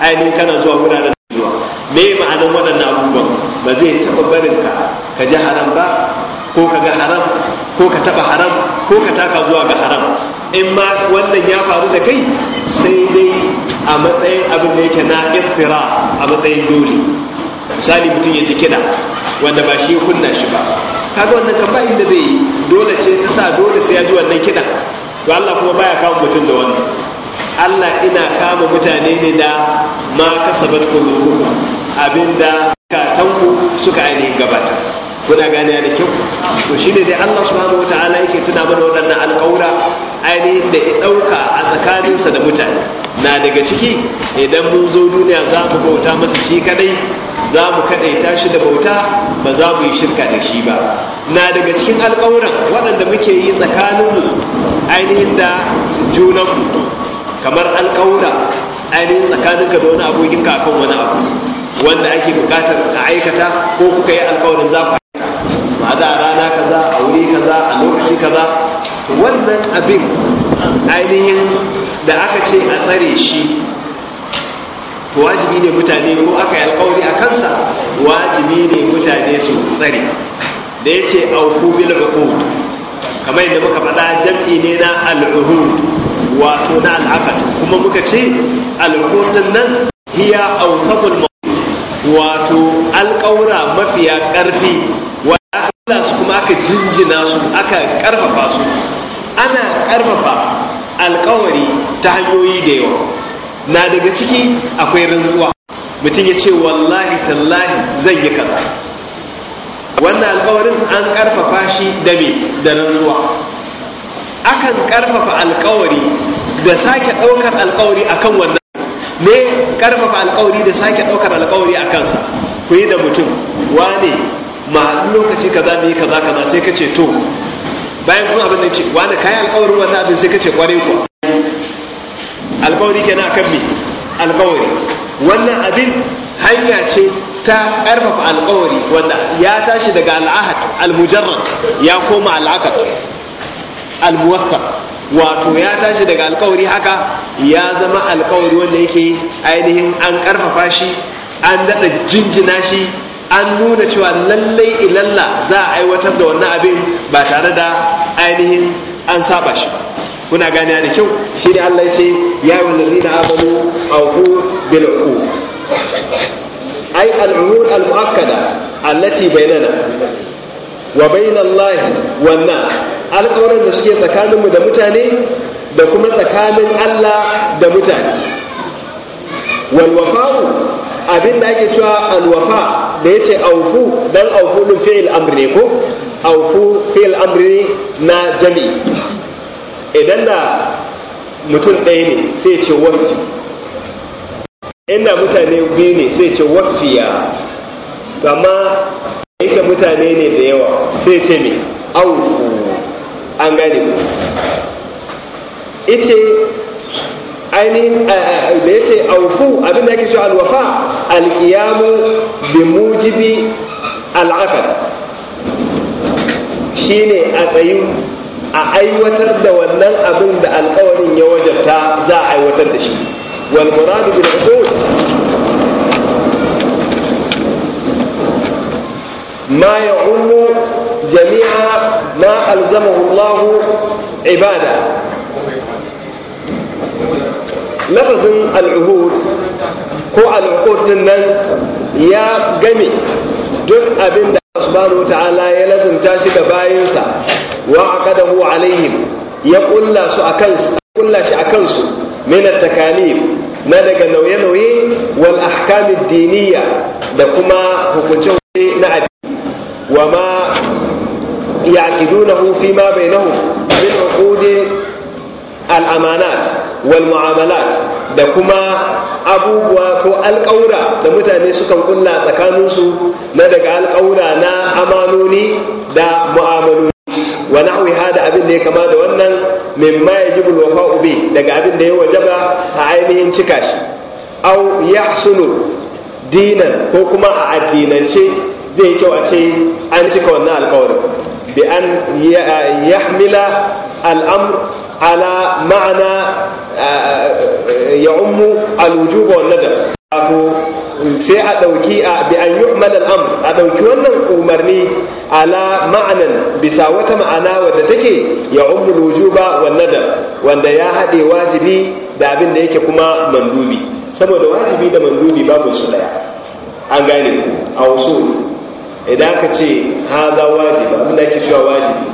A: ainihin kana zuwa wuraren zuwa me ma'anar waɗannan abubuwan ba zai taɓa barinka ka ji haram ba ko ka ga haram ko ka taba haram ko ka taka zuwa ga haram in ma wannan ya faru da kai sai dai a matsayin abin da yake na iftira a matsayin dole misali mutum ya ji kiɗa wanda ba shi kunna shi ba kaga wannan kan ba inda zai dole ce ta sa dole sai ya ji wannan kiɗan to Allah kuma baya kama mutum da wannan Allah ina kama mutane ne da ma kasabar kulubu abinda katanku suka ainihin gabata kuna gane da kyau to shine dai Allah subhanahu wataala yake tuna mana waɗannan alƙawura ai da ya ɗauka a tsakaninsa da mutane na daga ciki idan mun zo duniya za mu bauta masa shi kadai za mu kaɗaita shi da bauta ba za mu yi shirka da shi ba na daga cikin alƙawuran waɗanda muke yi tsakaninmu ainihin da junanmu kamar alƙawura ainihin ka da wani abokinka akan wani abu wanda ake bukatar a aikata ko kuka yi alƙawarin za a da rana kaza a wuri kaza a lokaci kaza wannan abin ainihin da aka ce a tsare shi wajibi ne mutane ko aka yi alkawari a kansa wajibi ne mutane su tsare da ya ce auku bil uqud kamar yadda muka faɗa jam'i ne na al'uhu, wato na al'aqad kuma muka ce al'uhud din nan hiya auqabul wato alƙawura mafiya ƙarfi Allah su kuma aka jinjina su aka karfafa su ana karfafa alkawari ta hanyoyi da yawa na daga ciki akwai rantsuwa mutum ya ce wallahi tallahi zan yi kaza wannan alkawarin an karfafa shi da me da rantsuwa akan karfafa alkawari da sake daukar alkawari akan wannan Me karfafa alkawari da sake daukar alkawari akan sa ku yi da mutum wane ma lokaci kaza mu yi kaza kaza sai ka ce to bayan kuma abin da ce wani kayan alƙawarin wannan abin sai ka ce ƙware ku alƙawari kenan akan me alƙawari wannan abin hanya ce ta ƙarfafa alƙawari wanda ya tashi daga al'ahad almujarrad ya koma al'aqad almuwaffaq wato ya tashi daga alƙawari haka ya zama alƙawari wanda yake ainihin an ƙarfafa shi an daɗa jinjina shi an nuna cewa lallai ilalla za a aiwatar da wannan abin ba tare da ainihin an saba shi kuna gane da kyau shi ne Allah ce ya yi wani na amanu auku bil uku ai al'umur al-muakkada allati bainana wa bainallahi wannan alƙawarin da suke tsakaninmu da mutane da kuma tsakanin Allah da mutane walwafa'u abin da ake cewa alwafa da ya ce aufu dan aufu din fi'il amri ne ko aufu fi'il amri na Jami? idan da mutum ɗaya ne sai ce wafi inda mutane biyu ne sai ce wafiya amma yake mutane ne da yawa sai ce mai aufu an gane ku ainihin da ya ce aufu abinda yake so alwafa alkiyamu bi mujibi al'akad shi ne a tsayin a aiwatar da wannan abin da alkawarin ya wajabta za a aiwatar da shi wal muradu bil uqud ma ya'ummu jami'a ma alzamahu Allah ibada lafazin al'uhud ko al'uqud din nan ya game duk abin da subhanahu ta'ala ya lazumta shi ga bayansa. wa aqadahu alaihim ya Alayhim ya kulla shi a kansu min at na daga nauye-nauye wal ahkamin diniya, da kuma hukunce na addini wa ma yaqidunahu hufi ma bainahum bil uqud al'amanat wal mu'amalat da kuma abubuwa ko alƙaura da mutane sukan tsakanin tsakaninsu na daga alƙaura na amanoni da mu'amaloni wa na'wi hada abin da ya kama da wannan mimma yajibu alwafa'u ube daga abin da ya wajaba a ainihin cika shi ya suno dinan ko kuma a addinance zai kyau a ce an cika wannan alkawarin bi an yahmila al'amr ala ma'ana ya ummu alwujuba wannan da sai a ɗauki a bi an yi am a ɗauki wannan umarni ala ma'anan bisa wata ma'ana wadda take ya ummul wujuba wan nadar wanda ya haɗe wajibi da abin da yake kuma mandubi saboda wajibi da mandubi babu su daya an gane a wasu idan ka ce haza wajib abinda ake cewa wajibi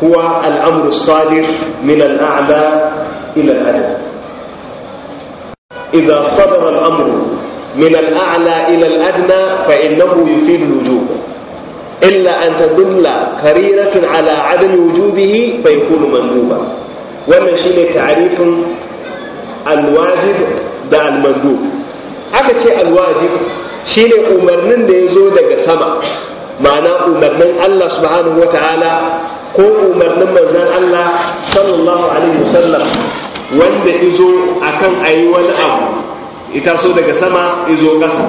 A: huwa al'amru sadir min al'a'la ila al'adam idza sadara al'amru min al'a'la ila al'adna fa innahu yufidu al-wujub illa an tadulla kariratun ala adam wujubihi fa yakunu manduba wannan shine ta'rifin al-wajib da al-mandub aka ce alwajib ne umarnin da ya zo daga sama ma'ana umarnin Allah subhanahu Ta'ala ko umarnin mazan Allah sallallahu alaihi wasallam wanda izo a yi wani abu ita so daga sama izo ƙasa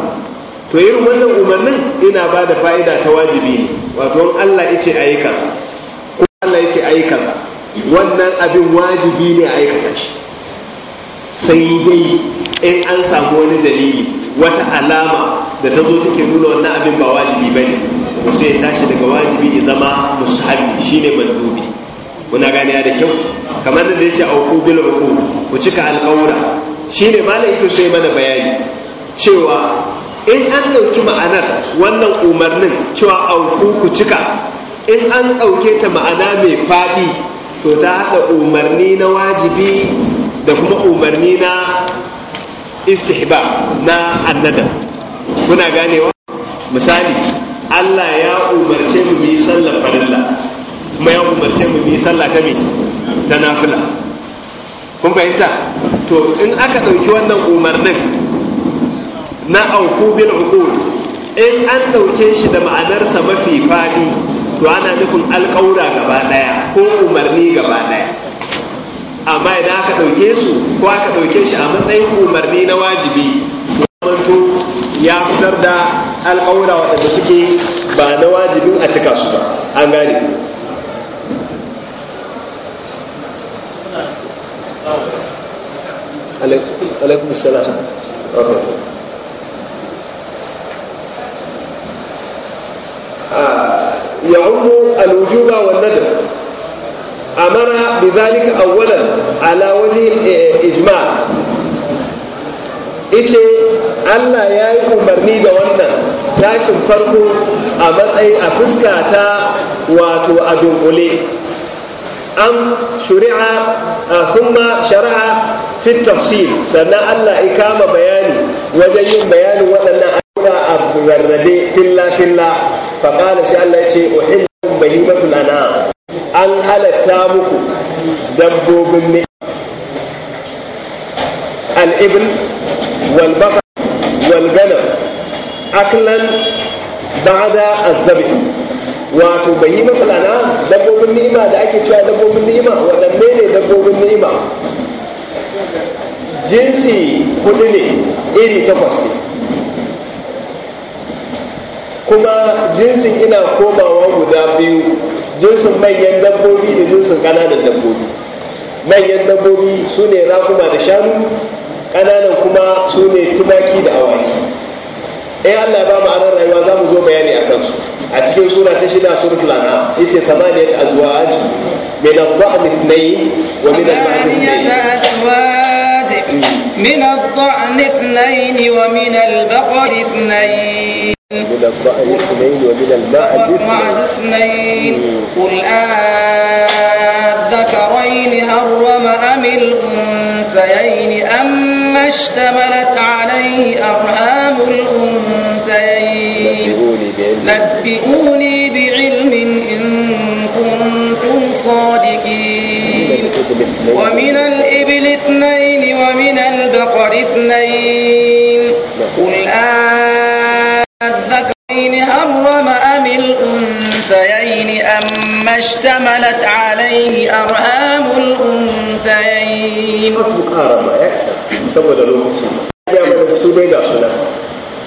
A: to yin wannan umarnin ina ba da fa'ida ta wajibi ne wato Allah ya ce ayyukan, ko Allah ya ce ayyukan, wannan abin wajibi ne aikata shi sai dai in an samu wani dalili wata alama da ta zo take nuna wannan abin ba wajibi bane ko sai tashi daga wajibi ya zama mustahabi shine mandubi muna gane da kyau kamar da yace auku bil uku ku cika alƙawura shine malai ito sai mana bayani cewa in an dauki ma'anar wannan umarnin cewa auku ku cika in an dauke ta ma'ana mai fadi to ta haɗa umarni na wajibi da kuma umarni na istihba na annada muna ganewa misali Allah ya umarce mu yi sallar farilla kuma ya umarce mu yi sallah ta me ta nafila kun fahimta to in aka ɗauki wannan umarnin na auku bil uqud in an ɗauke shi da ma'anarsa mafi fadi, to ana nufin alƙaura gaba daya, ko umarni gaba daya. amma idan aka ɗauke su ko aka ɗauke shi a matsayin umarni na wajibi wato ya fitar da alƙawura waɗanda suke ba na wajibin a cika su ba an gane ah, ya umu al-wujuba wal wannan amara bi zalika awwalan ala wajhi ijma ice Allah ya yi umarni da wannan tashin farko a matsayi a fuska ta wato a dunkule an shuri'a a summa shari'a fit tafsir sannan Allah ya kama bayani wajen yin bayanin waɗannan abubuwa a rarrabe filla filla faƙala sai Allah ya ce uhillu bahimatul an halatta muku dabbobin ne al'ibin walbaka walganar aklan ba da azabi wato bai yi mafalana dabbobin ni'ima da ake cewa dabbobin ni'ima waɗanne ne dabbobin ni'ima jinsi hudu ne iri takwas ne kuma jinsin ina komawa guda biyu jinsin manyan dabbobi da jinsin ƙananan dabbobi manyan dabbobi su ne raƙuma da shanu ƙananan kuma su ne tumaki da awaki ai allah ba mu anan rayuwa za mu zo bayani a kansu a cikin sura ta shida suratul anam yace tamaniyat azwaj min al dhan ithnayn wa min al-ma'd ithnayn hmm. min
B: al dhan ithnayn wa min al-baqar ithnayn
A: من ومن قل
B: أذكرين هرم أم الأنثيين أم اشتملت عليه أرهام الأنثيين نبئوني بعلم إن كنتم صادقين ومن الإبل اثنين ومن البقر اثنين نعم. قل آه اشتملت عليه أرهام الأنثيين
A: saboda lokaci ya mutu su bai ga suna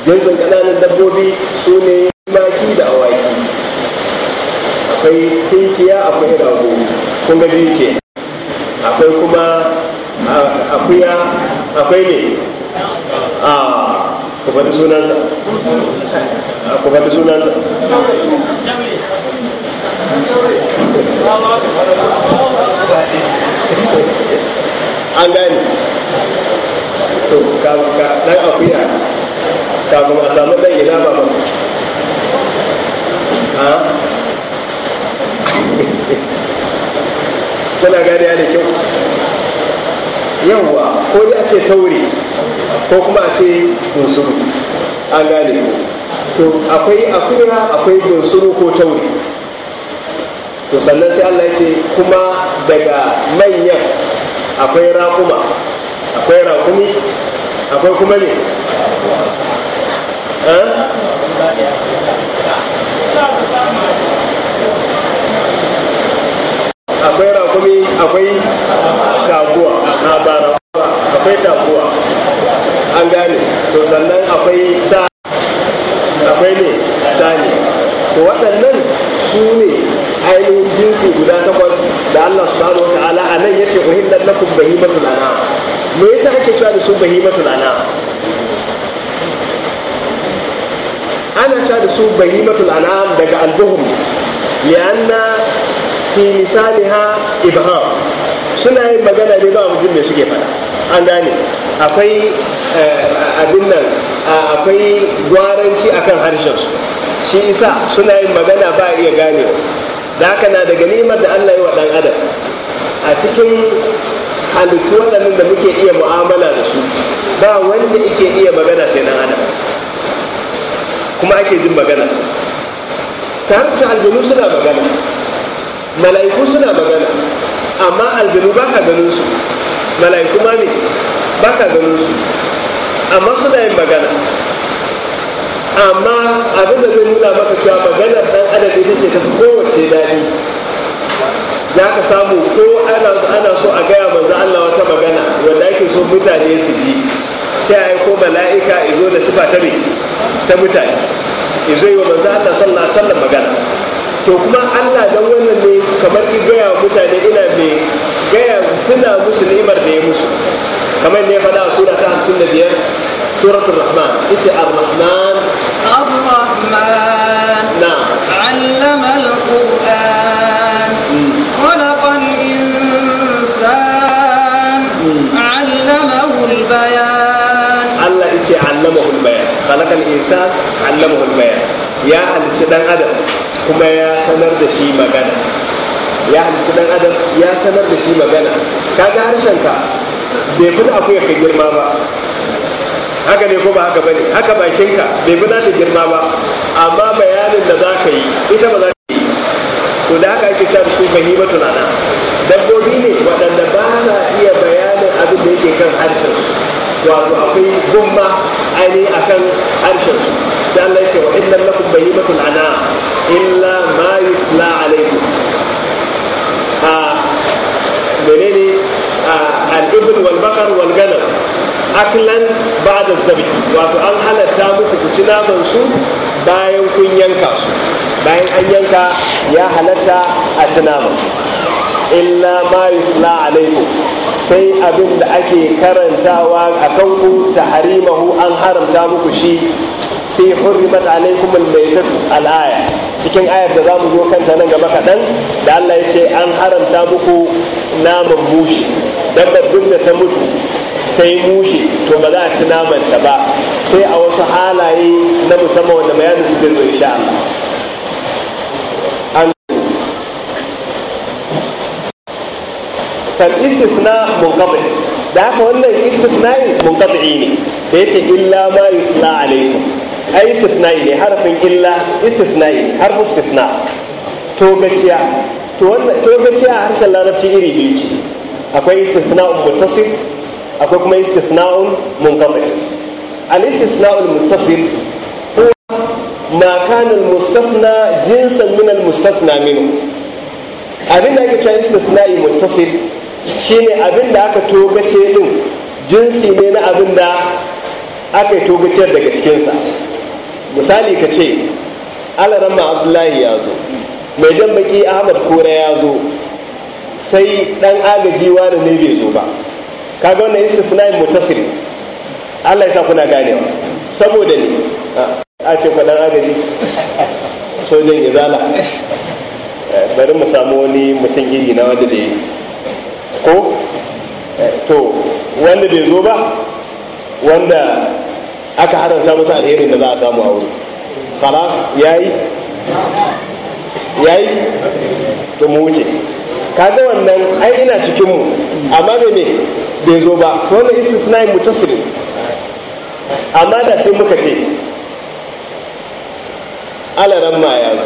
A: jinsin dabbobi sune ne maki da awaki akwai tinkiya akwai rago kun ga biyu ke akwai kuma akuya akwai ne a ku faɗi sunansa ku an gani to ka dan akuya kafin a samu dan ina ba ba ha kuna gani da kyau yawwa ko da ce taure ko kuma a ce bunsuru an gane to akwai akuya akwai bunsuru ko taure to sannan sai Allah ya ce kuma daga manyan akwai rakuma akwai rakumi akwai kuma ne akwai rakumi akwai kaguwa a bara akwai kaguwa an gane to sannan akwai sa akwai ne sani to waɗannan su ne ainihin jinsi guda takwas da Allah subhanahu wataala a nan yace uhillat lakum bahimatul anam me yasa ake cewa da su bahimatul anam ana cewa da su bahimatul anam daga albuhum lianna fi misaliha ibham suna yin magana ne ba mutum me suke fada an gane akwai eh, abin nan akwai gwaranci akan harshen su shi isa suna yin magana ba iya gane da haka na daga ni'imar da Allah ya wa ɗan adam a cikin halittu waɗannan da muke iya mu'amala da su ba wanda yake iya magana sai dan adam kuma ake jin magana ta harshen aljanu suna magana mala'iku suna magana amma aljanu ba ka ganin su mala'iku ma ne ba ka ganin su amma suna yin magana amma abinda zai nuna maka cewa maganar dan adam ita ce ta kowace daɗi za ka samu ko ana ana so a gaya manzo Allah wata magana wanda ake so mutane su bi sai ai ko mala'ika izo da sifa ta ta mutane izo yi wa manzo Allah sallallahu alaihi wasallam magana to kuma Allah dan wannan ne kamar ki gaya mutane ina mai gaya suna musu ni'imar da ya musu kamar ne fada sura ta 55 suratul rahman ita ar-rahman
B: ar-rahman na allama al-qur'an hmm. khalaqa al-insan hmm. allamahu al-bayan
A: Allah ita allamahu al-bayan khalaqa al-insan allamahu al-bayan ya halice dan adam kuma ya sanar da shi magana ya dan adam ya sanar da shi magana kaga harshenka bai fi akwai ka girma ba haka ne ko ba haka bane haka bakinka bai fi ta girma ba amma bayanin da za yi ita ba za ka yi to da haka ake sa su bahima tunana dabbobi ne waɗanda ba sa iya bayanin abin da yake kan harshen wato akwai gumma ainihin akan harshen su sai Allah ya ce wa illan lakum bayyinatul ana illa ma yutla alaykum a menene al-ibn wal baqar wal ganam aklan ba'da zabi wato an halatta muku ku ci naman su bayan kun yanka su bayan an yanka ya halatta a ci illa ma yusla alaikum sai abin da ake karantawa a kanku tahrimahu an haramta muku shi fi hurrimat alaikum almaytat alaya cikin ayar da zamu zo kanta nan gaba kaɗan da Allah ya an haramta muku naman mushi dabbar duk da ta mutu ta yi mushi to ba za a ci naman ta ba sai a wasu halaye na musamman wanda bayanin su zai zo insha Allah كان استثناء منقطع ده قلنا الاستثناء منقطعين فيتي الا ما يطلع عليكم اي استثناء حرف الا استثناء حرف استثناء توغتيا توغتيا حرف العربي يري بي اكو استثناء متصل اكو كما استثناء منقطع الاستثناء المتصل هو ما كان المستثنى جنسا من المستثنى منه أبين أنك كان استثنائي متصل shi abin da aka togace din jinsi ne na abin da aka yi togaciyar daga cikinsa misali ka ce alarama abdullahi ya zo mai jan baki ahmad Kora ya zo sai dan agaji wani ne bai zo ba kaga wannan istisna'in mutasiri Allah ya sa kuna gane. saboda ne a ce kwadan agaji sojan izala eh, bari mu samu wani mutum iri na wanda da ko eh, to wanda bai zo ba wanda aka haranta masa alherin da za a samu a wuri kalas yayi yayi to mu wuce kaga wannan ai ina cikin mu amma bai ne bai zo ba wannan istisnai mutasiri amma da sai muka ce alaramma ya zo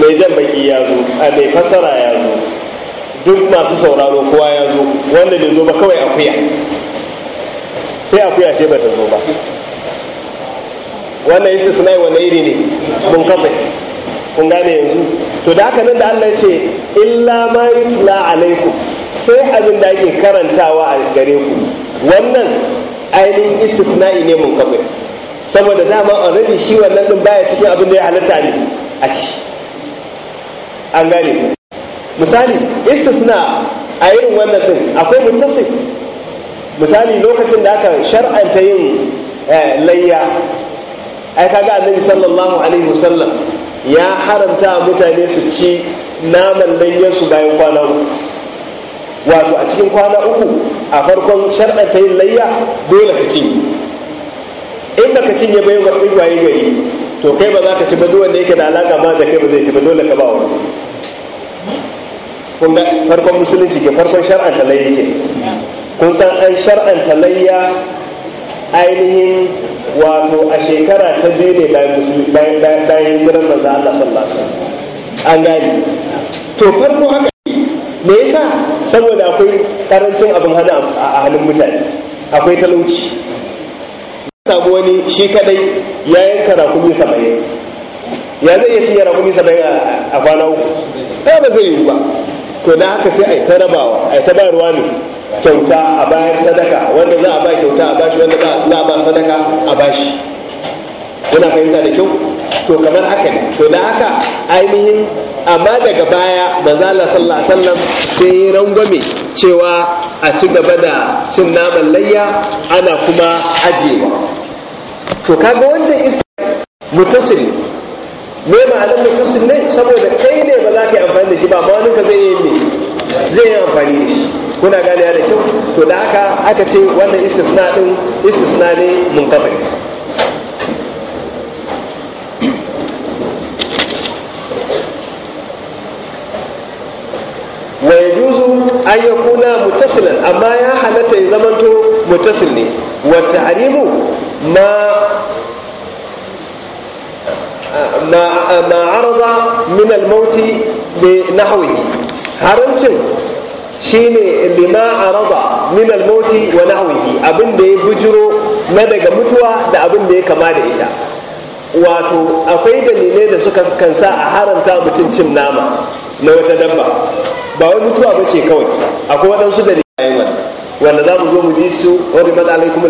A: mai jan baki ya zo a mai fasara ya zo duk masu sauraro kowa ya zo wanda bai zo ba kawai akuya sai akuya ce ba ta zo ba wannan yi suna yi wani iri ne mun kafa kun gane yanzu to da haka nan da Allah ce illa ma yutla alaikum sai abin da ake karantawa a gare ku wannan ainihin istisna'i ne mun kafa saboda dama rabi shi wannan din baya cikin abin da ya halatta ne a ci an gane misali istisna a irin wannan din akwai mutasi misali lokacin da aka shar'anta yin eh, layya ai kaga annabi sallallahu alaihi wasallam ya haramta mutane su ci naman layyar su bayan kwana uku wato a cikin kwana uku a farkon shar'anta yin layya dole ka ci in ka cinye bayan wani gwaye gari to kai ba za ka ci ba duk yake da alaka ma da kai ba zai ci ba dole ka ba wani kun ga farkon musulunci ke farkon shar'anta talayya ke kun san an shar'anta talayya ainihin wato a shekara ta biyu ne bayan bayan gidan manzo Allah sallallahu alaihi an gani to farko haka me yasa saboda akwai karancin abin hada a halin mutane akwai talauci samu wani shi kadai ya yanka rakumi saba'in ya zai iya cinye rakumi saba'in a kwana uku eh, ba zai yi ba to na haka sai a yi ta rabawa a yi ta bayarwa ne kyauta a bayar sadaka wanda za a ba kyauta a bashi wanda za a ba sadaka a bashi muna fahimta da kyau to kamar haka ne to da haka ainihin amma daga baya manzala sallallahu alaihi wasallam sai ya rangwame cewa a ci gaba da cin naman layya ana kuma ajiyewa to kaga wancan isa mutasil me ma'anin mutusin ne saboda kai ne ba za ka yi amfani da shi ba wani ka zai yi ne zai yi amfani da shi kuna gane da kyau to da haka aka ce wannan istisna din istisna ne kafa wa yajuzu an yakuna mutasilan amma ya halatta ya zamanto mutasil ne wa tahrimu ma ma arza min al-mauti bi nahwi haramcin shine lima arza min al-mauti wa nahwi abin da ya bujiro na daga mutuwa da abin da ya kama da ita wato akwai dalilai da suka kansa a haranta mutum nama na wata dabba ba wani mutuwa bace kawai akwai wadansu dalilai wanda za mu zo mu ji su hurmat alaikum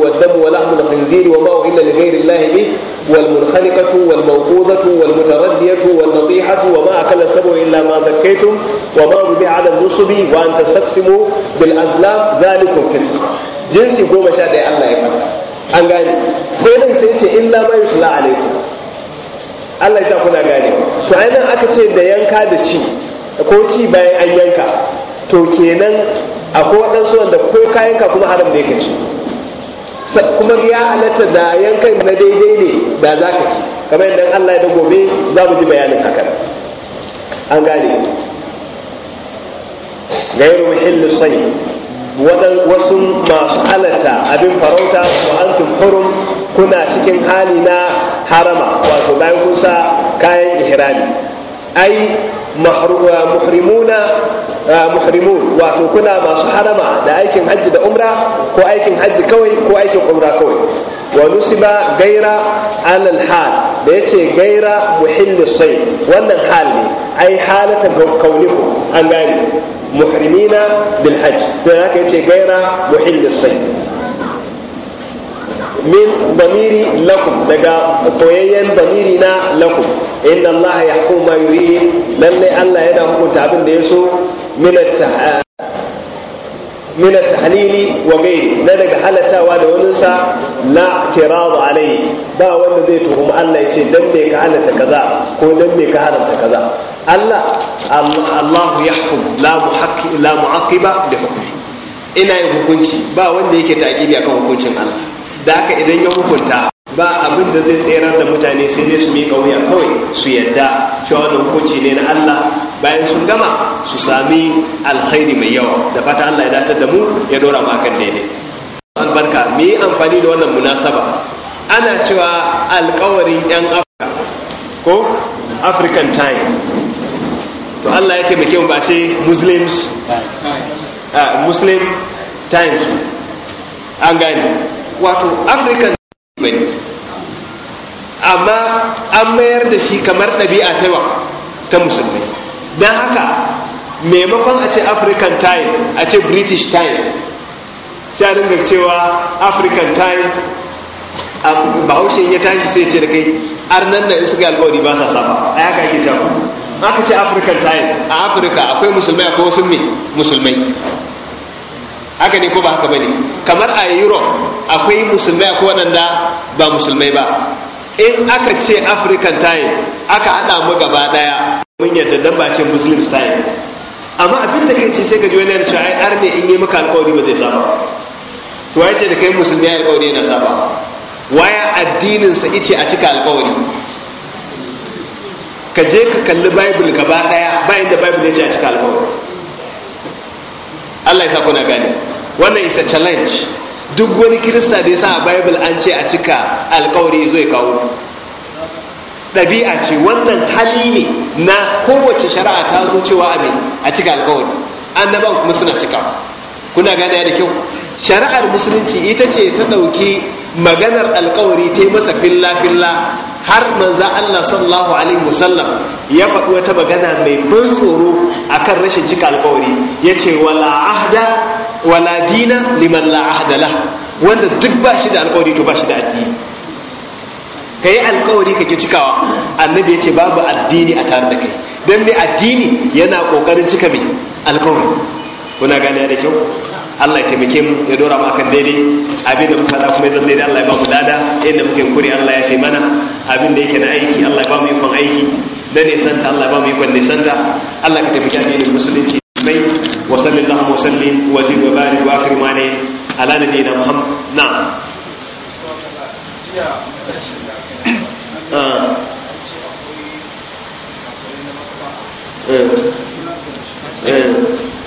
A: Wa damu wa lahmu alkhinzir wa ma illa li ghayri allah bi wal munkhaniqatu wal mawqudatu wal mutaraddiyatu wal nadihatu wa ma akala sabu illa ma zakaytum wa ma bi ala nusubi wa an tastaqsimu bil azlam zalikum fisq jinsi goma sha ɗaya Allah ya faɗa an gani. sai dan sai ce illa ma yutla alaikum Allah ya sa kuna gane to nan aka ce da yanka da ci ko ci bayan an yanka to kenan akwai waɗansu wanda ko kayanka kuma haram ne ka ci kuma ya halatta da yankan na daidai ne da za ka ci kamar yadda Allah ya gobe za mu ji bayanin haka an gane gairu muhillu sani wasu masu halatta abin farauta su antum kuna cikin hali na harama wato bayan kusa kayan ihrami ai muhrimuna muhrimun wato kuna masu harama da aikin hajji da umra ko aikin hajji kawai ko aikin umra kawai wa nusiba gaira alal hal da yace gaira muhilli sai wannan hal ne ai halatan kauliku an gani muhrimina bil sai haka ce gaira muhilli sai min damiri lakum daga koyayyen damiri na lakum inna allaha yahkum ma lalle allah yana hukunta abin da yaso min من التحليل tahlili wa na daga halatawa da wani sa la kirad alai ba wanda zai tuhum Allah yace dan me ka halata kaza ko dan me ka haramta kaza Allah Allah yahkum la muhaqqi la ina yi hukunci ba wanda yake taqibi akan hukuncin Allah da haka idan ya hukunta ba abin da zai tserar da mutane sai ne su miƙa wuya kawai su yadda cewa da hukunci ne na Allah bayan sun gama su sami alkhairi mai yawa da fata Allah ya datar da mu ya dora mu daidai albarka me yi amfani da wannan munasaba ana cewa alkawarin yan afirka ko african time to Allah ya taimake mu ba ce muslims ah, muslim times an gane wato african ba amma an mayar da shi kamar ɗabi'a ta wa ta musulmi don haka maimakon a ce african time a ce british time sai a dinga cewa african time bahaushe ya tashi sai ce da kai arnan da isu ga alkawari ba sa saba a yaka ake cewa aka ce african time a afirka akwai musulmai akwai wasu musulmai haka ne ko ba haka ba ne kamar a europe akwai musulmai ko waɗanda ba musulmai ba in aka ce african time aka haɗa mu gaba ɗaya mun yadda dan ba ce muslim time amma abin da kai ce sai ka ji wani ce ai ar arne in yi maka alƙawari ba zai saba to ya ce da kai musulmi alƙawari yana saba waya sa ice a cika alƙawari ka je ka kalli bible gaba ɗaya bayan da bible ya ce a cika alƙawari Allah ya sa kuna gani wannan isa challenge duk wani kirista da ya sa a bible an ce a cika alkawari zai kawo ɗabi'a ce wannan hali ne na kowace shari'a ta zo cewa a cika alkawari annaban kuma suna cika kuna gane da kyau shari'ar musulunci ita ce ta ɗauki maganar alkawari ta yi masa filla-filla har manza Allah sallallahu alaihi wasallam ya faɗi wata magana mai ban tsoro akan rashin cika alkawari ya ce wala ahda wala dina liman la ahda wanda duk ba shi da alkawari to ba shi da addini ka yi alkawari kake cikawa annabi ya ce babu addini a tare da kai don mai addini yana ƙoƙarin cika mai alkawari kuna gane da kyau Allah ya taimake mu ya dora mu akan daidai abin da muka da kuma zan daidai Allah ya ba mu lada inda muke kuri Allah ya taimana abin da yake na aiki Allah ya ba mu ikon aiki da nisanta Allah ya ba mu ikon nisanta Allah ka taimake addinin musulunci mai wa sallallahu wa sallim wa zid wa barik wa akrim wa ala nabiyina muhammad na'am
C: ah. eh eh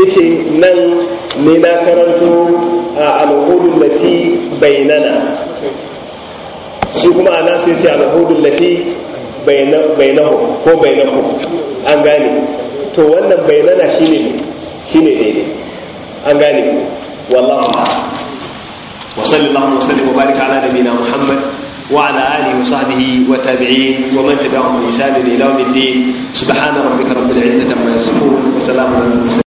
A: yace nan ne na karanto a hudud lati bainana shi kuma ana su yace al lati bainahu ko bainahu an gane to wannan bainana shi ne daidai an gane wallahu وصلى الله وسلم وبارك على نبينا محمد وعلى آله وصحبه وتابعين ومن تبعهم بإحسان إلى يوم الدين سبحان ربك رب العزة عما يصفون وسلام على المرسلين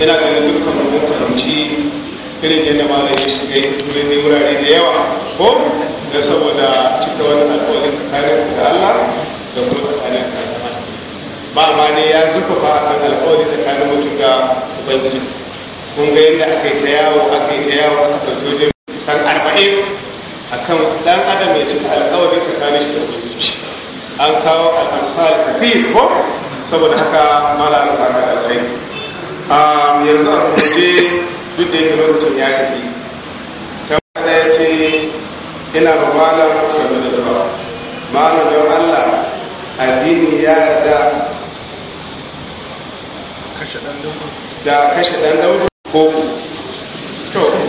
C: yana ganin dukkan mun fahimci irin yadda shiga yin kai ne wurare da yawa ko da saboda cika wani alƙawarin tare da Allah da kuma tsakanin Ba ma'ama ne ya zufa ba a kan alƙawari tsakanin mutum da ubangijinsa kun ga yadda aka yi ta yawo aka yi ta yawo aka ɗauki wajen kusan arba'in a kan ɗan adam ya cika alƙawari tsakanin shi da ubangiji an kawo al'amfal kafin ko saboda haka malamin sa ka alƙairi yanzu a kuje duk da yake lokacin ya tafi tabbata ya ce ina ba malam sanu da zuwa malam don allah addini ya da kashe dan da kashe ko to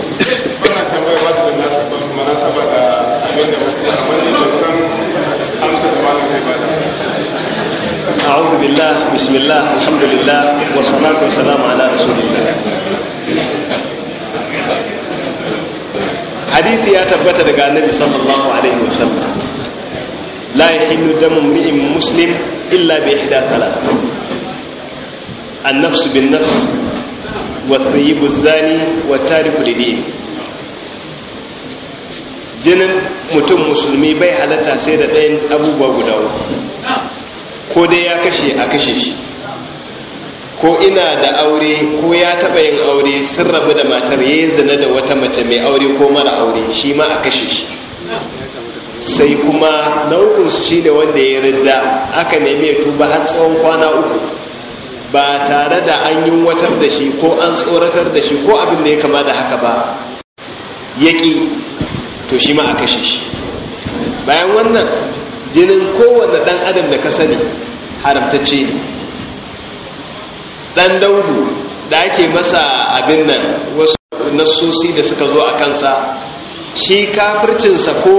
A: أعوذ بالله بسم الله الحمد لله والصلاة والسلام على رسول الله hadisi ya tabbata daga annabi sallallahu alaihi wasallam la yahillu damu mri'in muslim illa bi ihda thalath an-nafs bin nafs wa thayyibu zani wa jinin mutum musulmi bai halatta sai da ɗayan abubuwa guda uku ko dai ya kashe a kashe shi ko ina da aure ko ya taɓa yin aure sun rabu da matar ya yi zina da wata mace mai aure ko mara aure shi ma a kashe shi sai kuma su shi da wanda ya ridda aka nemi ya tuba har tsawon kwana uku ba tare da an yi watar da shi ko an tsoratar da shi ko abin da ya kama da haka ba yaƙi to shi ma a kashe shi bayan wannan jinin kowanne ɗan adam da ka sani haramtacce ne ɗan daudu da ake masa abin nan wasu nassosi da suka zo a kansa shi kafircinsa ko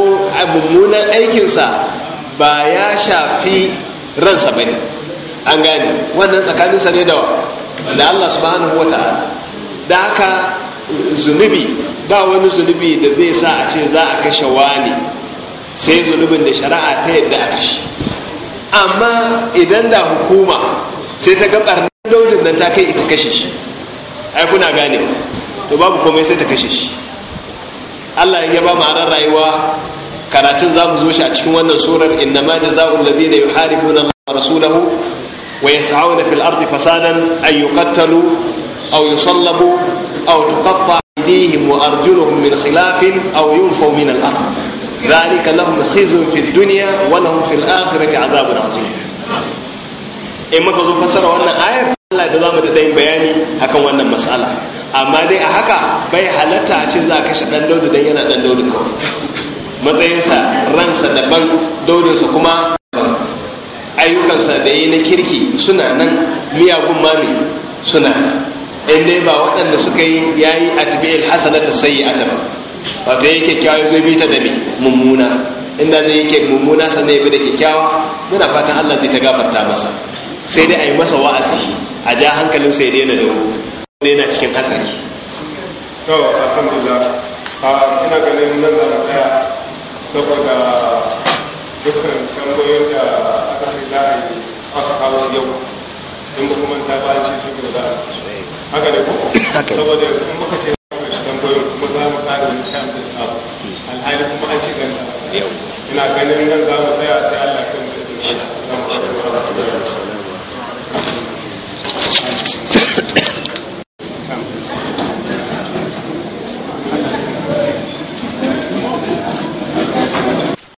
A: mummunan aikinsa ba ya shafi ransa ba ne an gane wannan tsakaninsa ne da Allah subhanahu wa ta'ala da aka zunubi ba wani zunubi da zai sa a ce za a kashe wani sai zunubin da shari'a ta yadda a kashi amma idan da hukuma sai ta gabar daudin nan ta kai ita kashe shi ai kuna gane to babu komai sai ta kashe shi Allah ya ba mu aran rayuwa karatun zamu zo shi a cikin wannan surar innama jazaa'ul ladina yuharibuna rasulahu wa yas'auna fil ardi fasadan ay yuqtalu aw yusallabu aw tuqatta aydihim wa arjuluhum min khilafin aw yunfaw min al-ardh ذلك لهم خزي في الدنيا ولهم في الآخرة عذاب عظيم in muka zo fasara wannan ayar Allah da zamu da bayani akan wannan mas'ala amma dai a haka bai halatta a ce za a kashe dan daudu dan yana dan daudu kawai matsayinsa ransa daban daudinsa kuma ayyukansa da yi na kirki suna nan miyagun mami suna in dai ba waɗanda suka yi yayi atbi'il sai ya ba wato yayi kyakkyawa zo bi ta da mummuna inda zai yake mummuna sannan ya bi da kyakkyawa muna fatan Allah zai ta gafarta masa sai dai a yi masa wa'azi a ja hankalin sai daina da daina cikin hatsari
C: to alhamdulillah ina ganin nan da tsaya saboda dukkan tambayoyin da aka ce za a yi aka kawo yau sun ba kuma ta ba ce su da za a haka da ku saboda sun muka ce koyo kuma za mu kare wani shan da alhali kuma an ci yau ina ganin nan za mu tsaya sai